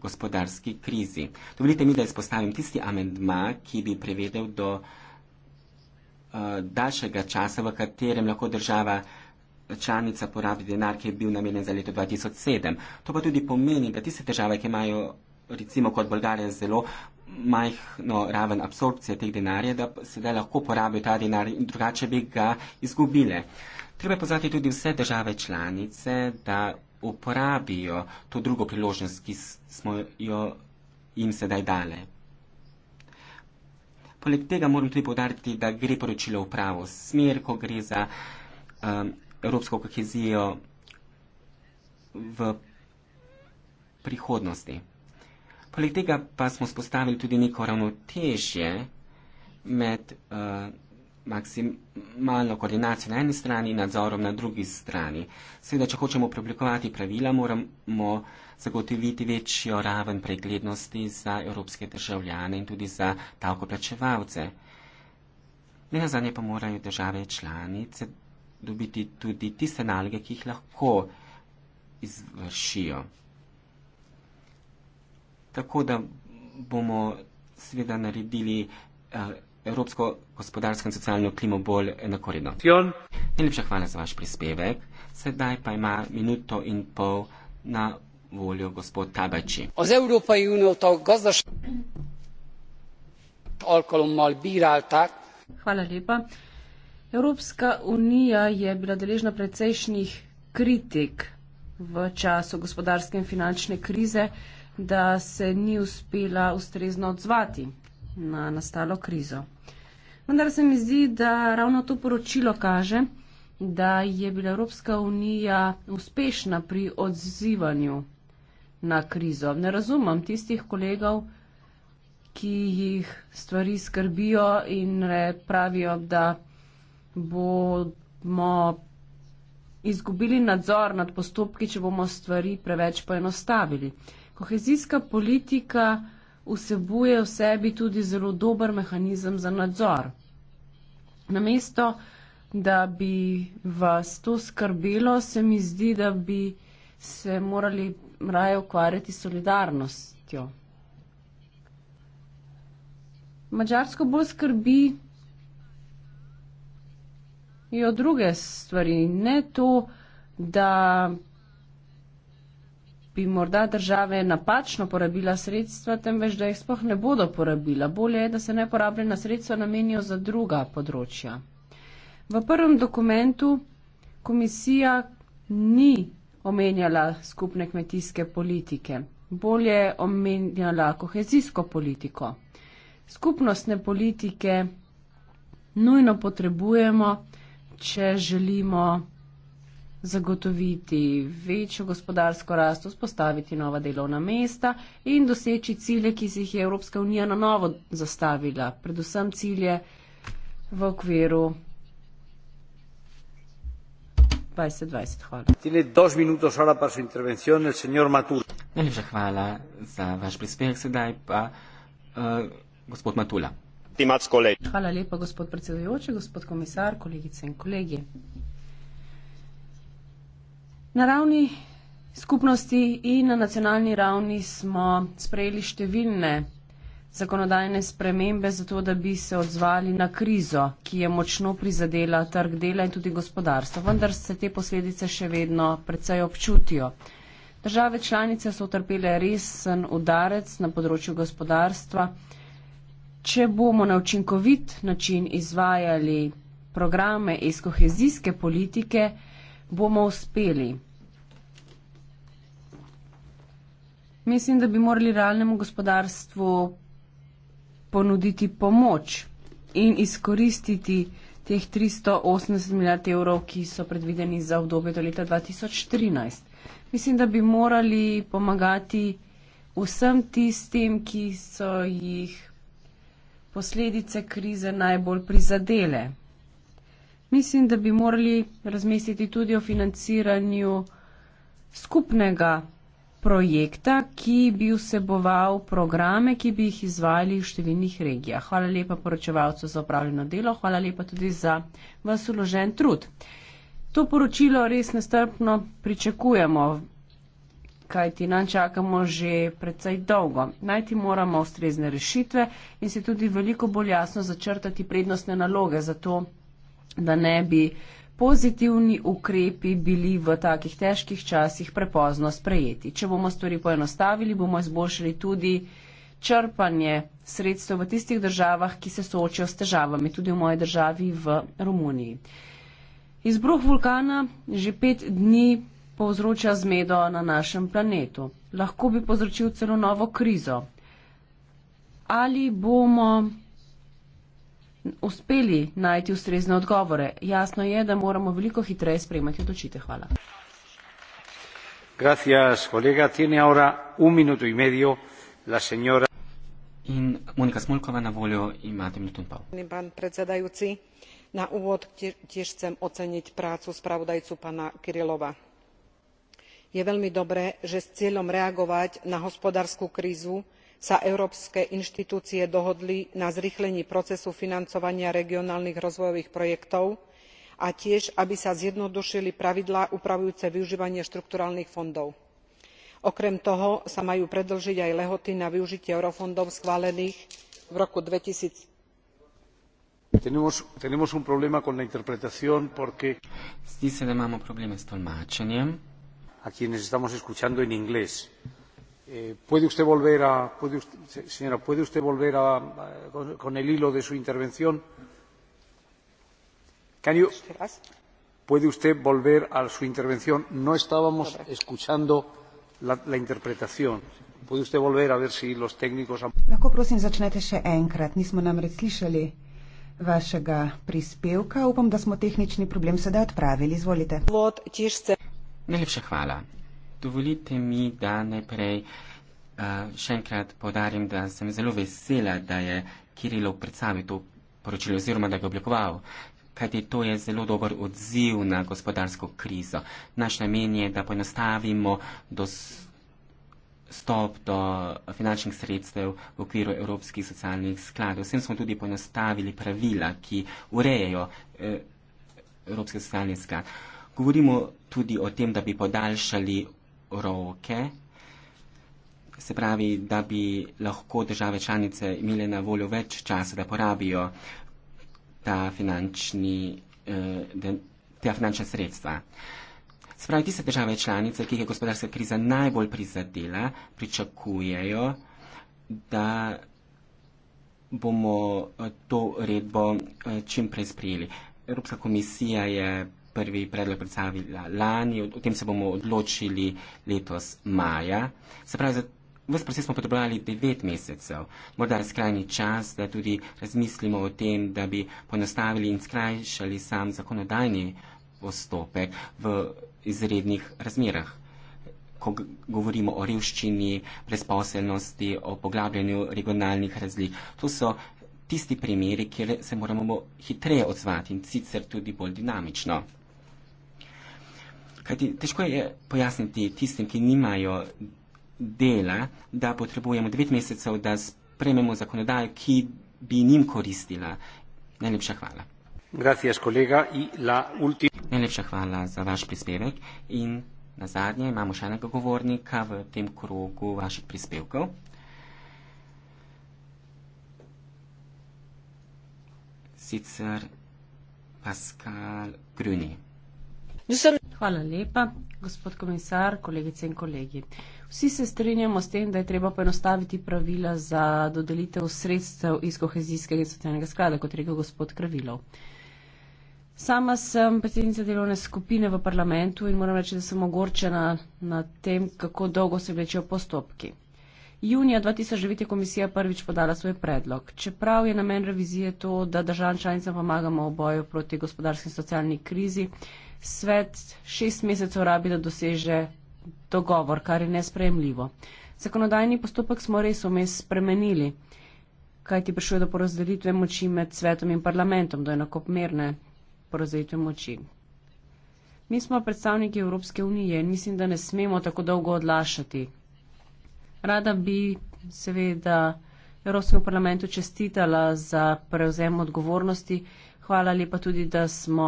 gospodarski krizi. Dovolite mi, da izpostavim tisti amendma, ki bi privedel do eh, daljšega časa, v katerem lahko država članica porabi denar, ki je bil namenjen za leto 2007. To pa tudi pomeni, da tiste države, ki imajo recimo kot Bolgarija zelo majhno raven absorpcije teh denarja, da sedaj lahko porabijo ta denar in drugače bi ga izgubile. Treba pozvati tudi vse države članice, da uporabijo to drugo priložnost, ki smo jo jim sedaj dale. Poleg tega moram tudi podariti, da gre poročilo v pravo smer, ko gre za um, evropsko kohezijo v prihodnosti. Poleg tega pa smo spostavili tudi neko ravnotežje med uh, maksimalno koordinacijo na eni strani in nadzorom na drugi strani. Seveda, če hočemo preoblikovati pravila, moramo zagotoviti večjo raven preglednosti za evropske državljane in tudi za davkoplačevalce. Ne nazadnje pa morajo države članice dobiti tudi tiste naloge, ki jih lahko izvršijo. Tako da bomo seveda naredili uh, evropsko gospodarsko in socialno klimo bolj enakoredno. Najlepša hvala za vaš prispevek. Sedaj pa ima minuto in pol na voljo gospod Tabači. Od Evropske unije to gozdaško alkalommal birata. Hvala lepa. Evropska unija je bila deležna precejšnjih kritik v času gospodarske in finančne krize, da se ni uspela ustrezno odzvati na nastalo krizo. Vendar se mi zdi, da ravno to poročilo kaže, da je bila Evropska unija uspešna pri odzivanju na krizo. Ne razumem tistih kolegov, ki jih stvari skrbijo in pravijo, da bomo izgubili nadzor nad postopki, če bomo stvari preveč poenostavili. Kohezijska politika vsebuje v sebi tudi zelo dober mehanizem za nadzor. Namesto, da bi vas to skrbelo, se mi zdi, da bi se morali raje ukvarjati solidarnostjo. Mačarsko bolj skrbi jo druge stvari, ne to, da bi morda države napačno porabila sredstva, temveč da jih sploh ne bodo porabila. Bolje je, da se neporabljena sredstva namenijo za druga področja. V prvem dokumentu komisija ni omenjala skupne kmetijske politike, bolje je omenjala kohezijsko politiko. Skupnostne politike nujno potrebujemo, če želimo zagotoviti večjo gospodarsko rast, vzpostaviti nova delovna mesta in doseči cilje, ki si jih je Evropska unija na novo zastavila, predvsem cilje v okviru 2020. Hvala. Najlepša hvala za vaš prispevek, sedaj pa uh, gospod Matula. Hvala lepa, gospod predsedujoči, gospod komisar, kolegice in kolegi. Na ravni skupnosti in na nacionalni ravni smo sprejeli številne zakonodajne spremembe, zato da bi se odzvali na krizo, ki je močno prizadela trg dela in tudi gospodarstvo. Vendar se te posledice še vedno precej občutijo. Države članice so utrpele resen udarec na področju gospodarstva. Če bomo na učinkovit način izvajali programe iz kohezijske politike, bomo uspeli. Mislim, da bi morali realnemu gospodarstvu ponuditi pomoč in izkoristiti teh 380 milijard evrov, ki so predvideni za obdobje do leta 2013. Mislim, da bi morali pomagati vsem tistim, ki so jih posledice krize najbolj prizadele. Mislim, da bi morali razmestiti tudi o financiranju skupnega projekta, ki bi vseboval programe, ki bi jih izvajali v številnih regijah. Hvala lepa poročevalcu za upravljeno delo, hvala lepa tudi za vas uložen trud. To poročilo res nestrpno pričakujemo, kajti nam čakamo že predvsej dolgo. Najti moramo ustrezne rešitve in se tudi veliko bolj jasno začrtati prednostne naloge, zato da ne bi pozitivni ukrepi bili v takih težkih časih prepozno sprejeti. Če bomo stvari poenostavili, bomo izboljšali tudi črpanje sredstev v tistih državah, ki se soočajo s težavami, tudi v moji državi v Romuniji. Izbruh vulkana že pet dni povzroča zmedo na našem planetu. Lahko bi povzročil celo novo krizo. Ali bomo uspeli najti ustrezne odgovore. Jasno je, da moramo veliko hitreje sprejemati odločitev. Hvala. Gracias, kolega. Tiene ahora un minuto y medio la señora. In Monika Smolkova na voljo imate minuto in pol. Pan predsedajúci, na úvod tiež chcem oceniť prácu spravodajcu pana Kirilova. Je veľmi dobré, že s cieľom reagovať na hospodárskú krízu sa európske inštitúcie dohodli na zrýchlení procesu financovania regionálnych rozvojových projektov a tiež aby sa zjednodušili pravidlá upravujúce využívanie štrukturálnych fondov. okrem toho sa majú predĺžiť aj lehoty na využitie eurofondov schválených v roku. two thousand a Eh, puede usted volver a señora puede usted volver con el hilo de su intervención puede usted volver a su intervención no estábamos escuchando la interpretación puede usted volver a ver si los técnicos lahko prosim začnete še enkrat nismo namreč slišali vašega prispevka upam da smo tehnični problem sedaj odpravili izvolite najlepša hvala dovolite mi, da najprej uh, še enkrat podarim, da sem zelo vesela, da je Kirilov pred sami to poročilo oziroma da ga oblikoval. Kajti to je zelo dober odziv na gospodarsko krizo. Naš namen je, da poenostavimo dostop do finančnih sredstev v okviru evropskih socialnih skladov. Vsem smo tudi poenostavili pravila, ki urejejo eh, evropski socialni sklad. Govorimo tudi o tem, da bi podaljšali roke. Se pravi, da bi lahko države članice imele na voljo več časa, da porabijo ta finančni, eh, te finančne sredstva. Se pravi, tiste države članice, ki jih je gospodarska kriza najbolj prizadela, pričakujejo, da bomo eh, to redbo eh, čim prej sprijeli. Evropska komisija je prvi predlog predstavila lani, o tem se bomo odločili letos maja. Se pravi, ves proces smo potrebovali devet mesecev. Morda je skrajni čas, da tudi razmislimo o tem, da bi ponastavili in skrajšali sam zakonodajni postopek v izrednih razmerah. Ko govorimo o revščini, brezposelnosti, o poglabljanju regionalnih razlik, to so tisti primeri, kjer se moramo hitreje odzvati in sicer tudi bolj dinamično. Kajti težko je pojasniti tistim, ki nimajo dela, da potrebujemo devet mesecev, da sprememo zakonodajo, ki bi njim koristila. Najlepša hvala. Gracias, kolega, ulti... Najlepša hvala za vaš prispevek. In na zadnje imamo še enega govornika v tem krogu vaših prispevkov. Sicer Pascal Gruni. Nisem... Hvala lepa, gospod komisar, kolegice in kolegi. Vsi se strinjamo s tem, da je treba poenostaviti pravila za dodelitev sredstev iz kohezijskega in socialnega sklada, kot je rekel gospod Kravilov. Sama sem predsednica delovne skupine v parlamentu in moram reči, da sem ogorčena nad tem, kako dolgo se vlečejo postopki. Junija 2009 je komisija prvič podala svoj predlog. Čeprav je namen revizije to, da državam članicam pomagamo v boju proti gospodarski in socialni krizi, svet šest mesecev rabi, da doseže dogovor, kar je nespremljivo. Zakonodajni postopek smo res vmes spremenili, kajti prišlo je do porazdelitve moči med svetom in parlamentom, do enakopmerne porazdelitve moči. Mi smo predstavniki Evropske unije in mislim, da ne smemo tako dolgo odlašati. Rada bi seveda Evropskemu parlamentu čestitala za prevzem odgovornosti. Hvala lepa tudi, da smo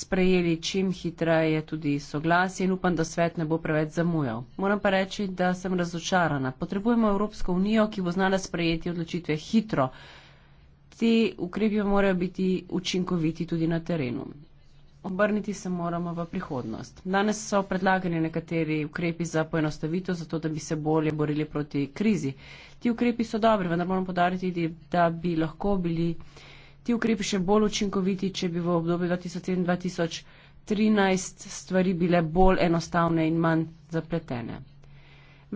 sprejeli čim hitreje tudi soglasje in upam, da svet ne bo preveč zamujal. Moram pa reči, da sem razočarana. Potrebujemo Evropsko unijo, ki bo znala sprejeti odločitve hitro. Ti ukrepi morajo biti učinkoviti tudi na terenu. Obrniti se moramo v prihodnost. Danes so predlagani nekateri ukrepi za poenostavitev, zato da bi se bolje borili proti krizi. Ti ukrepi so dobri, vendar moram podariti, da bi lahko bili ti ukrepi še bolj učinkoviti, če bi v obdobju 2007-2013 stvari bile bolj enostavne in manj zapletene.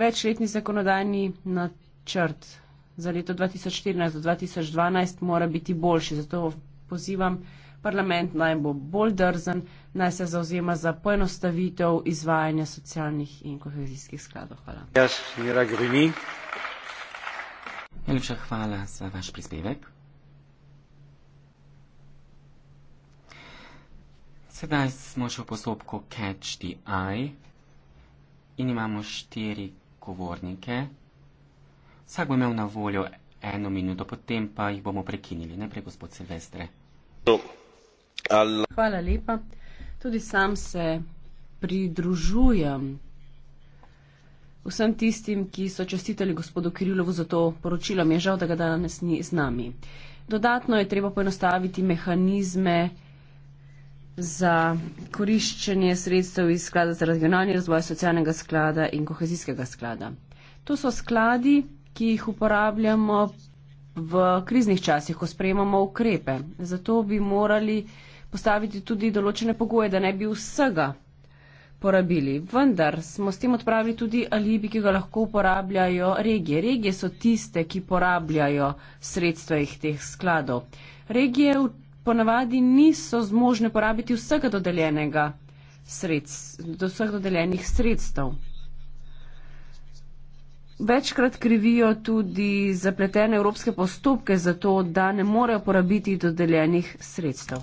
Večletni zakonodajni načrt za leto 2014-2012 mora biti boljši, zato pozivam parlament naj bo bolj drzen, naj se zauzema za poenostavitev izvajanja socialnih in kohezijskih skladov. Hvala. Jaz, Mira Grini. Najlepša hvala za vaš prispevek. Sedaj smo še v postopku Catch the Eye in imamo štiri govornike. Vsak bo imel na voljo eno minuto, potem pa jih bomo prekinili. Najprej gospod Silvestre. Dobro. Hvala lepa. Tudi sam se pridružujem vsem tistim, ki so čestitali gospodu Kirilovu za to poročilo. Mi je žal, da ga danes ni z nami. Dodatno je treba poenostaviti mehanizme za koriščenje sredstev iz sklada za regionalni razvoj socialnega sklada in kohezijskega sklada. To so skladi, ki jih uporabljamo v kriznih časih, ko sprejemamo ukrepe. Zato bi morali postaviti tudi določene pogoje, da ne bi vsega porabili. Vendar smo s tem odpravili tudi alibi, ki ga lahko uporabljajo regije. Regije so tiste, ki porabljajo sredstva iz teh skladov. Regije ponavadi niso zmožne porabiti vsega dodeljenega sredstva, do vseh dodeljenih sredstev. Večkrat krivijo tudi zapletene evropske postopke za to, da ne morejo porabiti dodeljenih sredstev.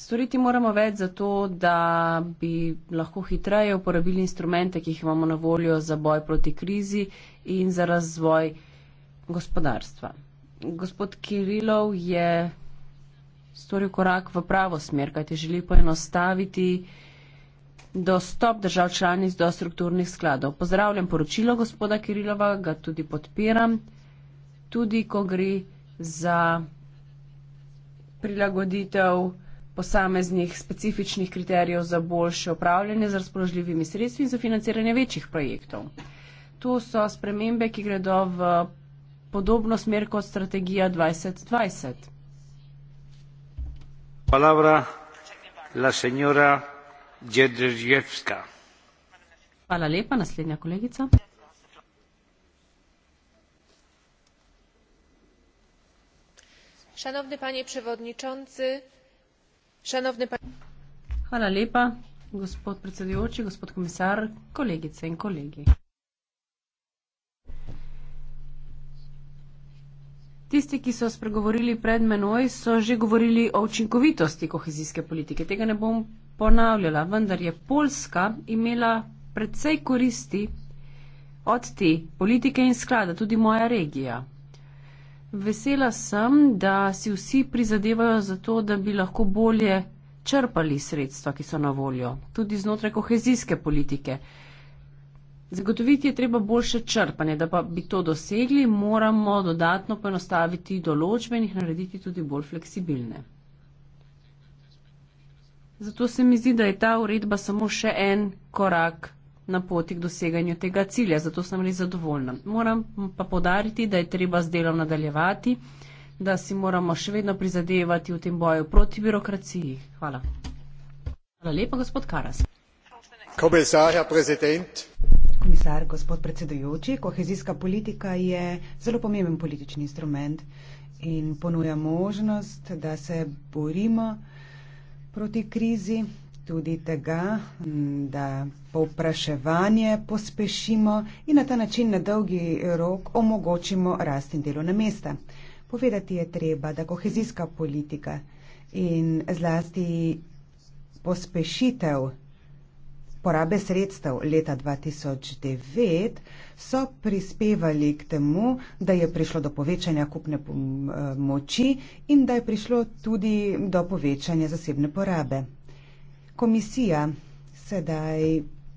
Storiti moramo več za to, da bi lahko hitreje uporabili instrumente, ki jih imamo na voljo za boj proti krizi in za razvoj gospodarstva. Gospod Kirilov je storil korak v pravo smer, kajte želi poenostaviti dostop držav članic do strukturnih skladov. Pozdravljam poročilo gospoda Kirilova, ga tudi podpiram, tudi ko gre za prilagoditev posameznih specifičnih kriterijev za boljše upravljanje z razpoložljivimi sredstvi in za financiranje večjih projektov. Tu so spremembe, ki gredo v podobno smer kot strategija 2020. Palavra la senjora Džedržjevska. Hvala lepa, naslednja kolegica. Szanowny panie przewodniczący, Hvala lepa, gospod predsedujoči, gospod komisar, kolegice in kolegi. Tisti, ki so spregovorili pred menoj, so že govorili o učinkovitosti kohezijske politike. Tega ne bom ponavljala, vendar je Poljska imela predvsej koristi od te politike in sklada, tudi moja regija. Vesela sem, da si vsi prizadevajo za to, da bi lahko bolje črpali sredstva, ki so na voljo, tudi znotraj kohezijske politike. Zagotoviti je treba boljše črpanje, da pa bi to dosegli, moramo dodatno poenostaviti določbe in jih narediti tudi bolj fleksibilne. Zato se mi zdi, da je ta uredba samo še en korak na poti k doseganju tega cilja, zato sem res zadovoljna. Moram pa podariti, da je treba z delom nadaljevati, da si moramo še vedno prizadevati v tem boju proti birokraciji. Hvala. Hvala lepa, gospod Karas. Komisar, herr Präsident. Komisar, gospod predsedujoči, kohezijska politika je zelo pomemben politični instrument in ponuja možnost, da se borimo proti krizi, tudi tega, da povpraševanje pospešimo in na ta način na dolgi rok omogočimo rast in delovna mesta. Povedati je treba, da kohezijska politika in zlasti pospešitev porabe sredstev leta 2009 so prispevali k temu, da je prišlo do povečanja kupne eh, moči in da je prišlo tudi do povečanja zasebne porabe. Komisija sedaj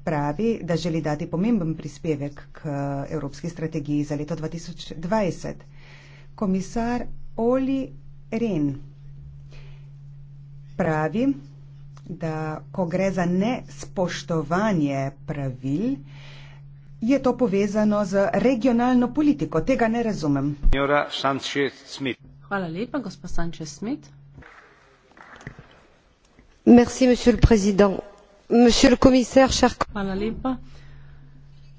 pravi, da želi dati pomemben prispevek k Evropski strategiji za leto 2020. Komisar Oli Ren pravi, da ko gre za nespoštovanje pravil, je to povezano z regionalno politiko. Tega ne razumem. Hvala lepa, gospod Sanchez Smith monsieur le président monsieur le commissaire chers collègues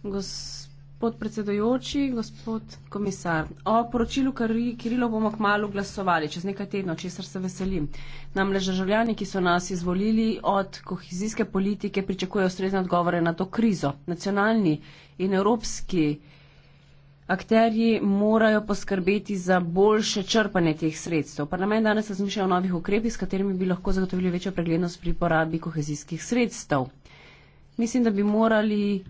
Gospod predsedujoči, gospod komisar. O poročilu Kirilo bomo k malu glasovali, čez nekaj tednov, česar se veselim. Namreč državljani, ki so nas izvolili od kohezijske politike, pričakujejo ustrezne odgovore na to krizo. Nacionalni in evropski. Akterji morajo poskrbeti za boljše črpanje teh sredstev. Parlament danes razmišlja o novih ukrepih, s katerimi bi lahko zagotovili večjo preglednost pri porabi kohezijskih sredstev. Mislim, da bi morali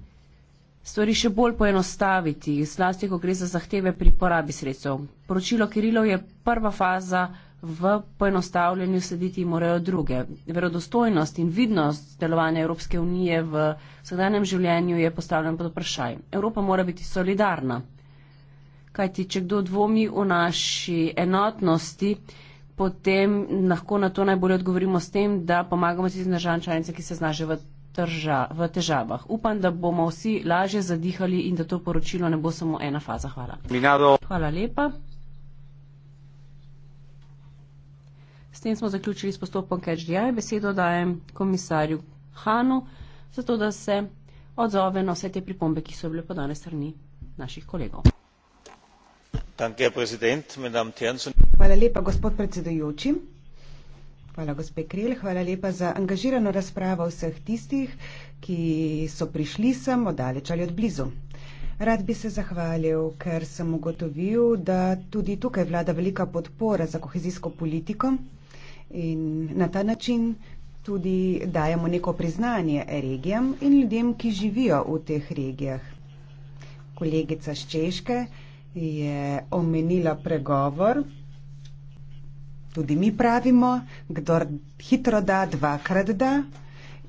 stvari še bolj poenostaviti, zlasti, ko gre za zahteve pri porabi sredstev. Poročilo Kirilov je prva faza v poenostavljanju, slediti morajo druge. Verodostojnost in vidnost delovanja Evropske unije v vsakdanjem življenju je postavljena pod vprašaj. Evropa mora biti solidarna kajti če kdo dvomi o naši enotnosti, potem lahko na to najbolje odgovorimo s tem, da pomagamo tudi državam članicam, ki se znaže v, trža, v težavah. Upam, da bomo vsi lažje zadihali in da to poročilo ne bo samo ena faza. Hvala. Minado. Hvala lepa. S tem smo zaključili s postopkom KHDI. Besedo dajem komisarju Hanu, zato da se odzove na vse te pripombe, ki so bile podane strani naših kolegov. Hvala lepa, gospod predsedujoči. Hvala, gospe Krel. Hvala lepa za angažirano razpravo vseh tistih, ki so prišli sem od daleč ali od blizu. Rad bi se zahvalil, ker sem ugotovil, da tudi tukaj vlada velika podpora za kohezijsko politiko in na ta način tudi dajemo neko priznanje regijam in ljudem, ki živijo v teh regijah. Kolegica Ščeške, je omenila pregovor. Tudi mi pravimo, kdo hitro da, dvakrat da.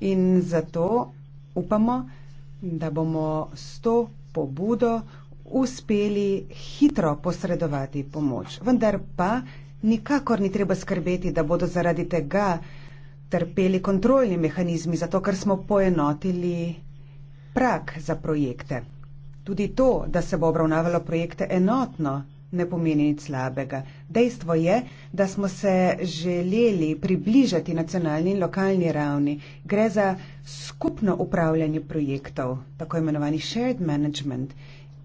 In zato upamo, da bomo s to pobudo uspeli hitro posredovati pomoč. Vendar pa nikakor ni treba skrbeti, da bodo zaradi tega trpeli kontrolni mehanizmi, zato ker smo poenotili prak za projekte. Tudi to, da se bo obravnavalo projekte enotno, ne pomeni nič slabega. Dejstvo je, da smo se želeli približati nacionalni in lokalni ravni. Gre za skupno upravljanje projektov, tako imenovani shared management.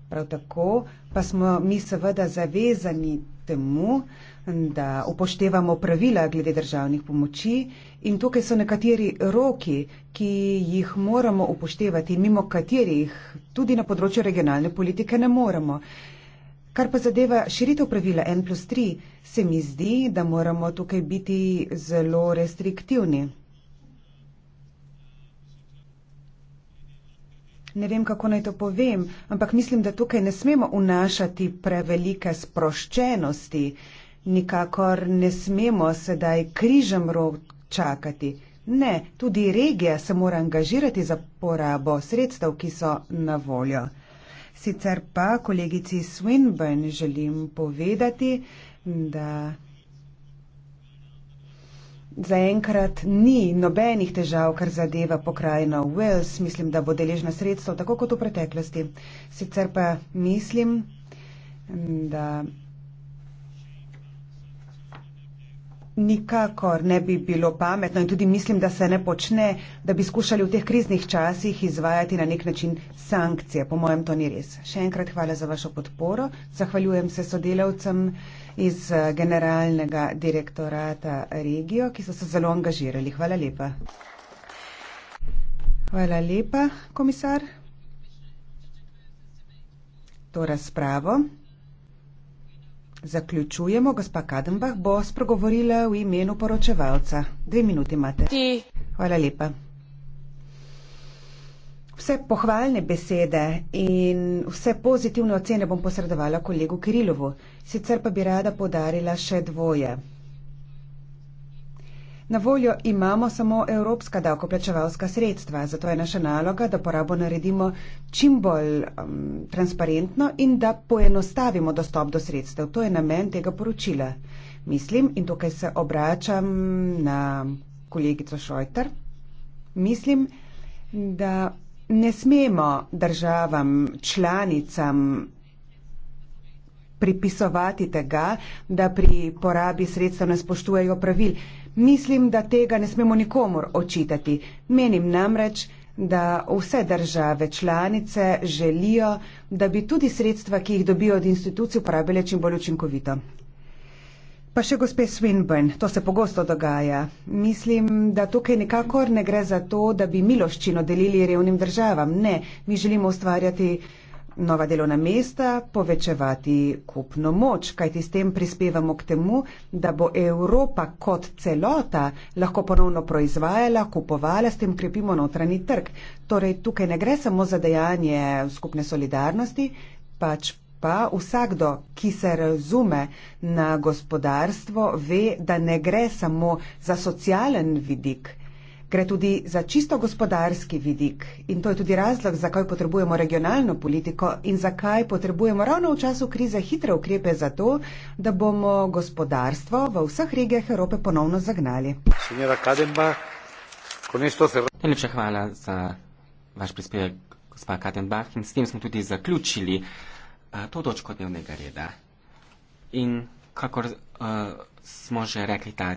Prav tako pa smo mi seveda zavezani temu, da upoštevamo pravila glede državnih pomoči in tukaj so nekateri roki, ki jih moramo upoštevati, mimo katerih tudi na področju regionalne politike ne moremo. Kar pa zadeva širitev pravila N plus 3, se mi zdi, da moramo tukaj biti zelo restriktivni. Ne vem, kako naj to povem, ampak mislim, da tukaj ne smemo unašati prevelike sproščenosti. Uh, Nikakor ne smemo sedaj križem rok čakati. Ne, tudi regija se mora angažirati za porabo sredstev, ki so na voljo. Sicer pa kolegici Swinburne želim povedati, da zaenkrat ni nobenih težav, kar zadeva pokrajino Wales. Mislim, da bo deležna sredstev tako kot v preteklosti. Sicer pa mislim, da. Nikakor ne bi bilo pametno in tudi mislim, da se ne počne, da bi skušali v teh kriznih časih izvajati na nek način sankcije. Po mojem, to ni res. Še enkrat hvala za vašo podporo. Zahvaljujem se sodelavcem iz eh, generalnega direktorata regijo, ki so se zelo angažirali. Hvala lepa. Hvala lepa, komisar. To razpravo. Zaključujemo, gospa Kadenbach bo spregovorila v imenu poročevalca. Dve minuti imate. Ti. Hvala lepa. Vse pohvalne besede in vse pozitivne ocene bom posredovala kolegu Kirilovu. Sicer pa bi rada podarila še dvoje. Na voljo imamo samo evropska davkoplačevalska sredstva, zato je naša naloga, da porabo naredimo čim bolj um, transparentno in da poenostavimo dostop do sredstev. To je namen tega poročila. Mislim, in tukaj se obračam na kolegico Šojter, mislim, da ne smemo državam, članicam pripisovati tega, da pri porabi sredstev ne spoštujejo pravil. Mislim, da tega ne smemo nikomor očitati. Menim namreč, da vse države članice želijo, da bi tudi sredstva, ki jih dobijo od institucij, uporabile čim bolj učinkovito. Pa še gospe Swinburne, to se pogosto dogaja. Mislim, da tukaj nikakor ne gre za to, da bi miloščino delili revnim državam. Ne, mi želimo ustvarjati nova delovna mesta, povečevati kupno moč, kajti s tem prispevamo k temu, da bo Evropa kot celota lahko ponovno proizvajala, kupovala, s tem krepimo notranji trg. Torej, tukaj ne gre samo za dejanje skupne solidarnosti, pač pa vsakdo, ki se razume na gospodarstvo, ve, da ne gre samo za socialen vidik gre tudi za čisto gospodarski vidik in to je tudi razlog, zakaj potrebujemo regionalno politiko in zakaj potrebujemo ravno v času krize hitre ukrepe za to, da bomo gospodarstvo v vseh regijah Evrope ponovno zagnali. Najlepša hvala za vaš prispevek, gospa Kadenbach, in s tem smo tudi zaključili uh, to točko dnevnega reda. In kakor uh, smo že rekli, ta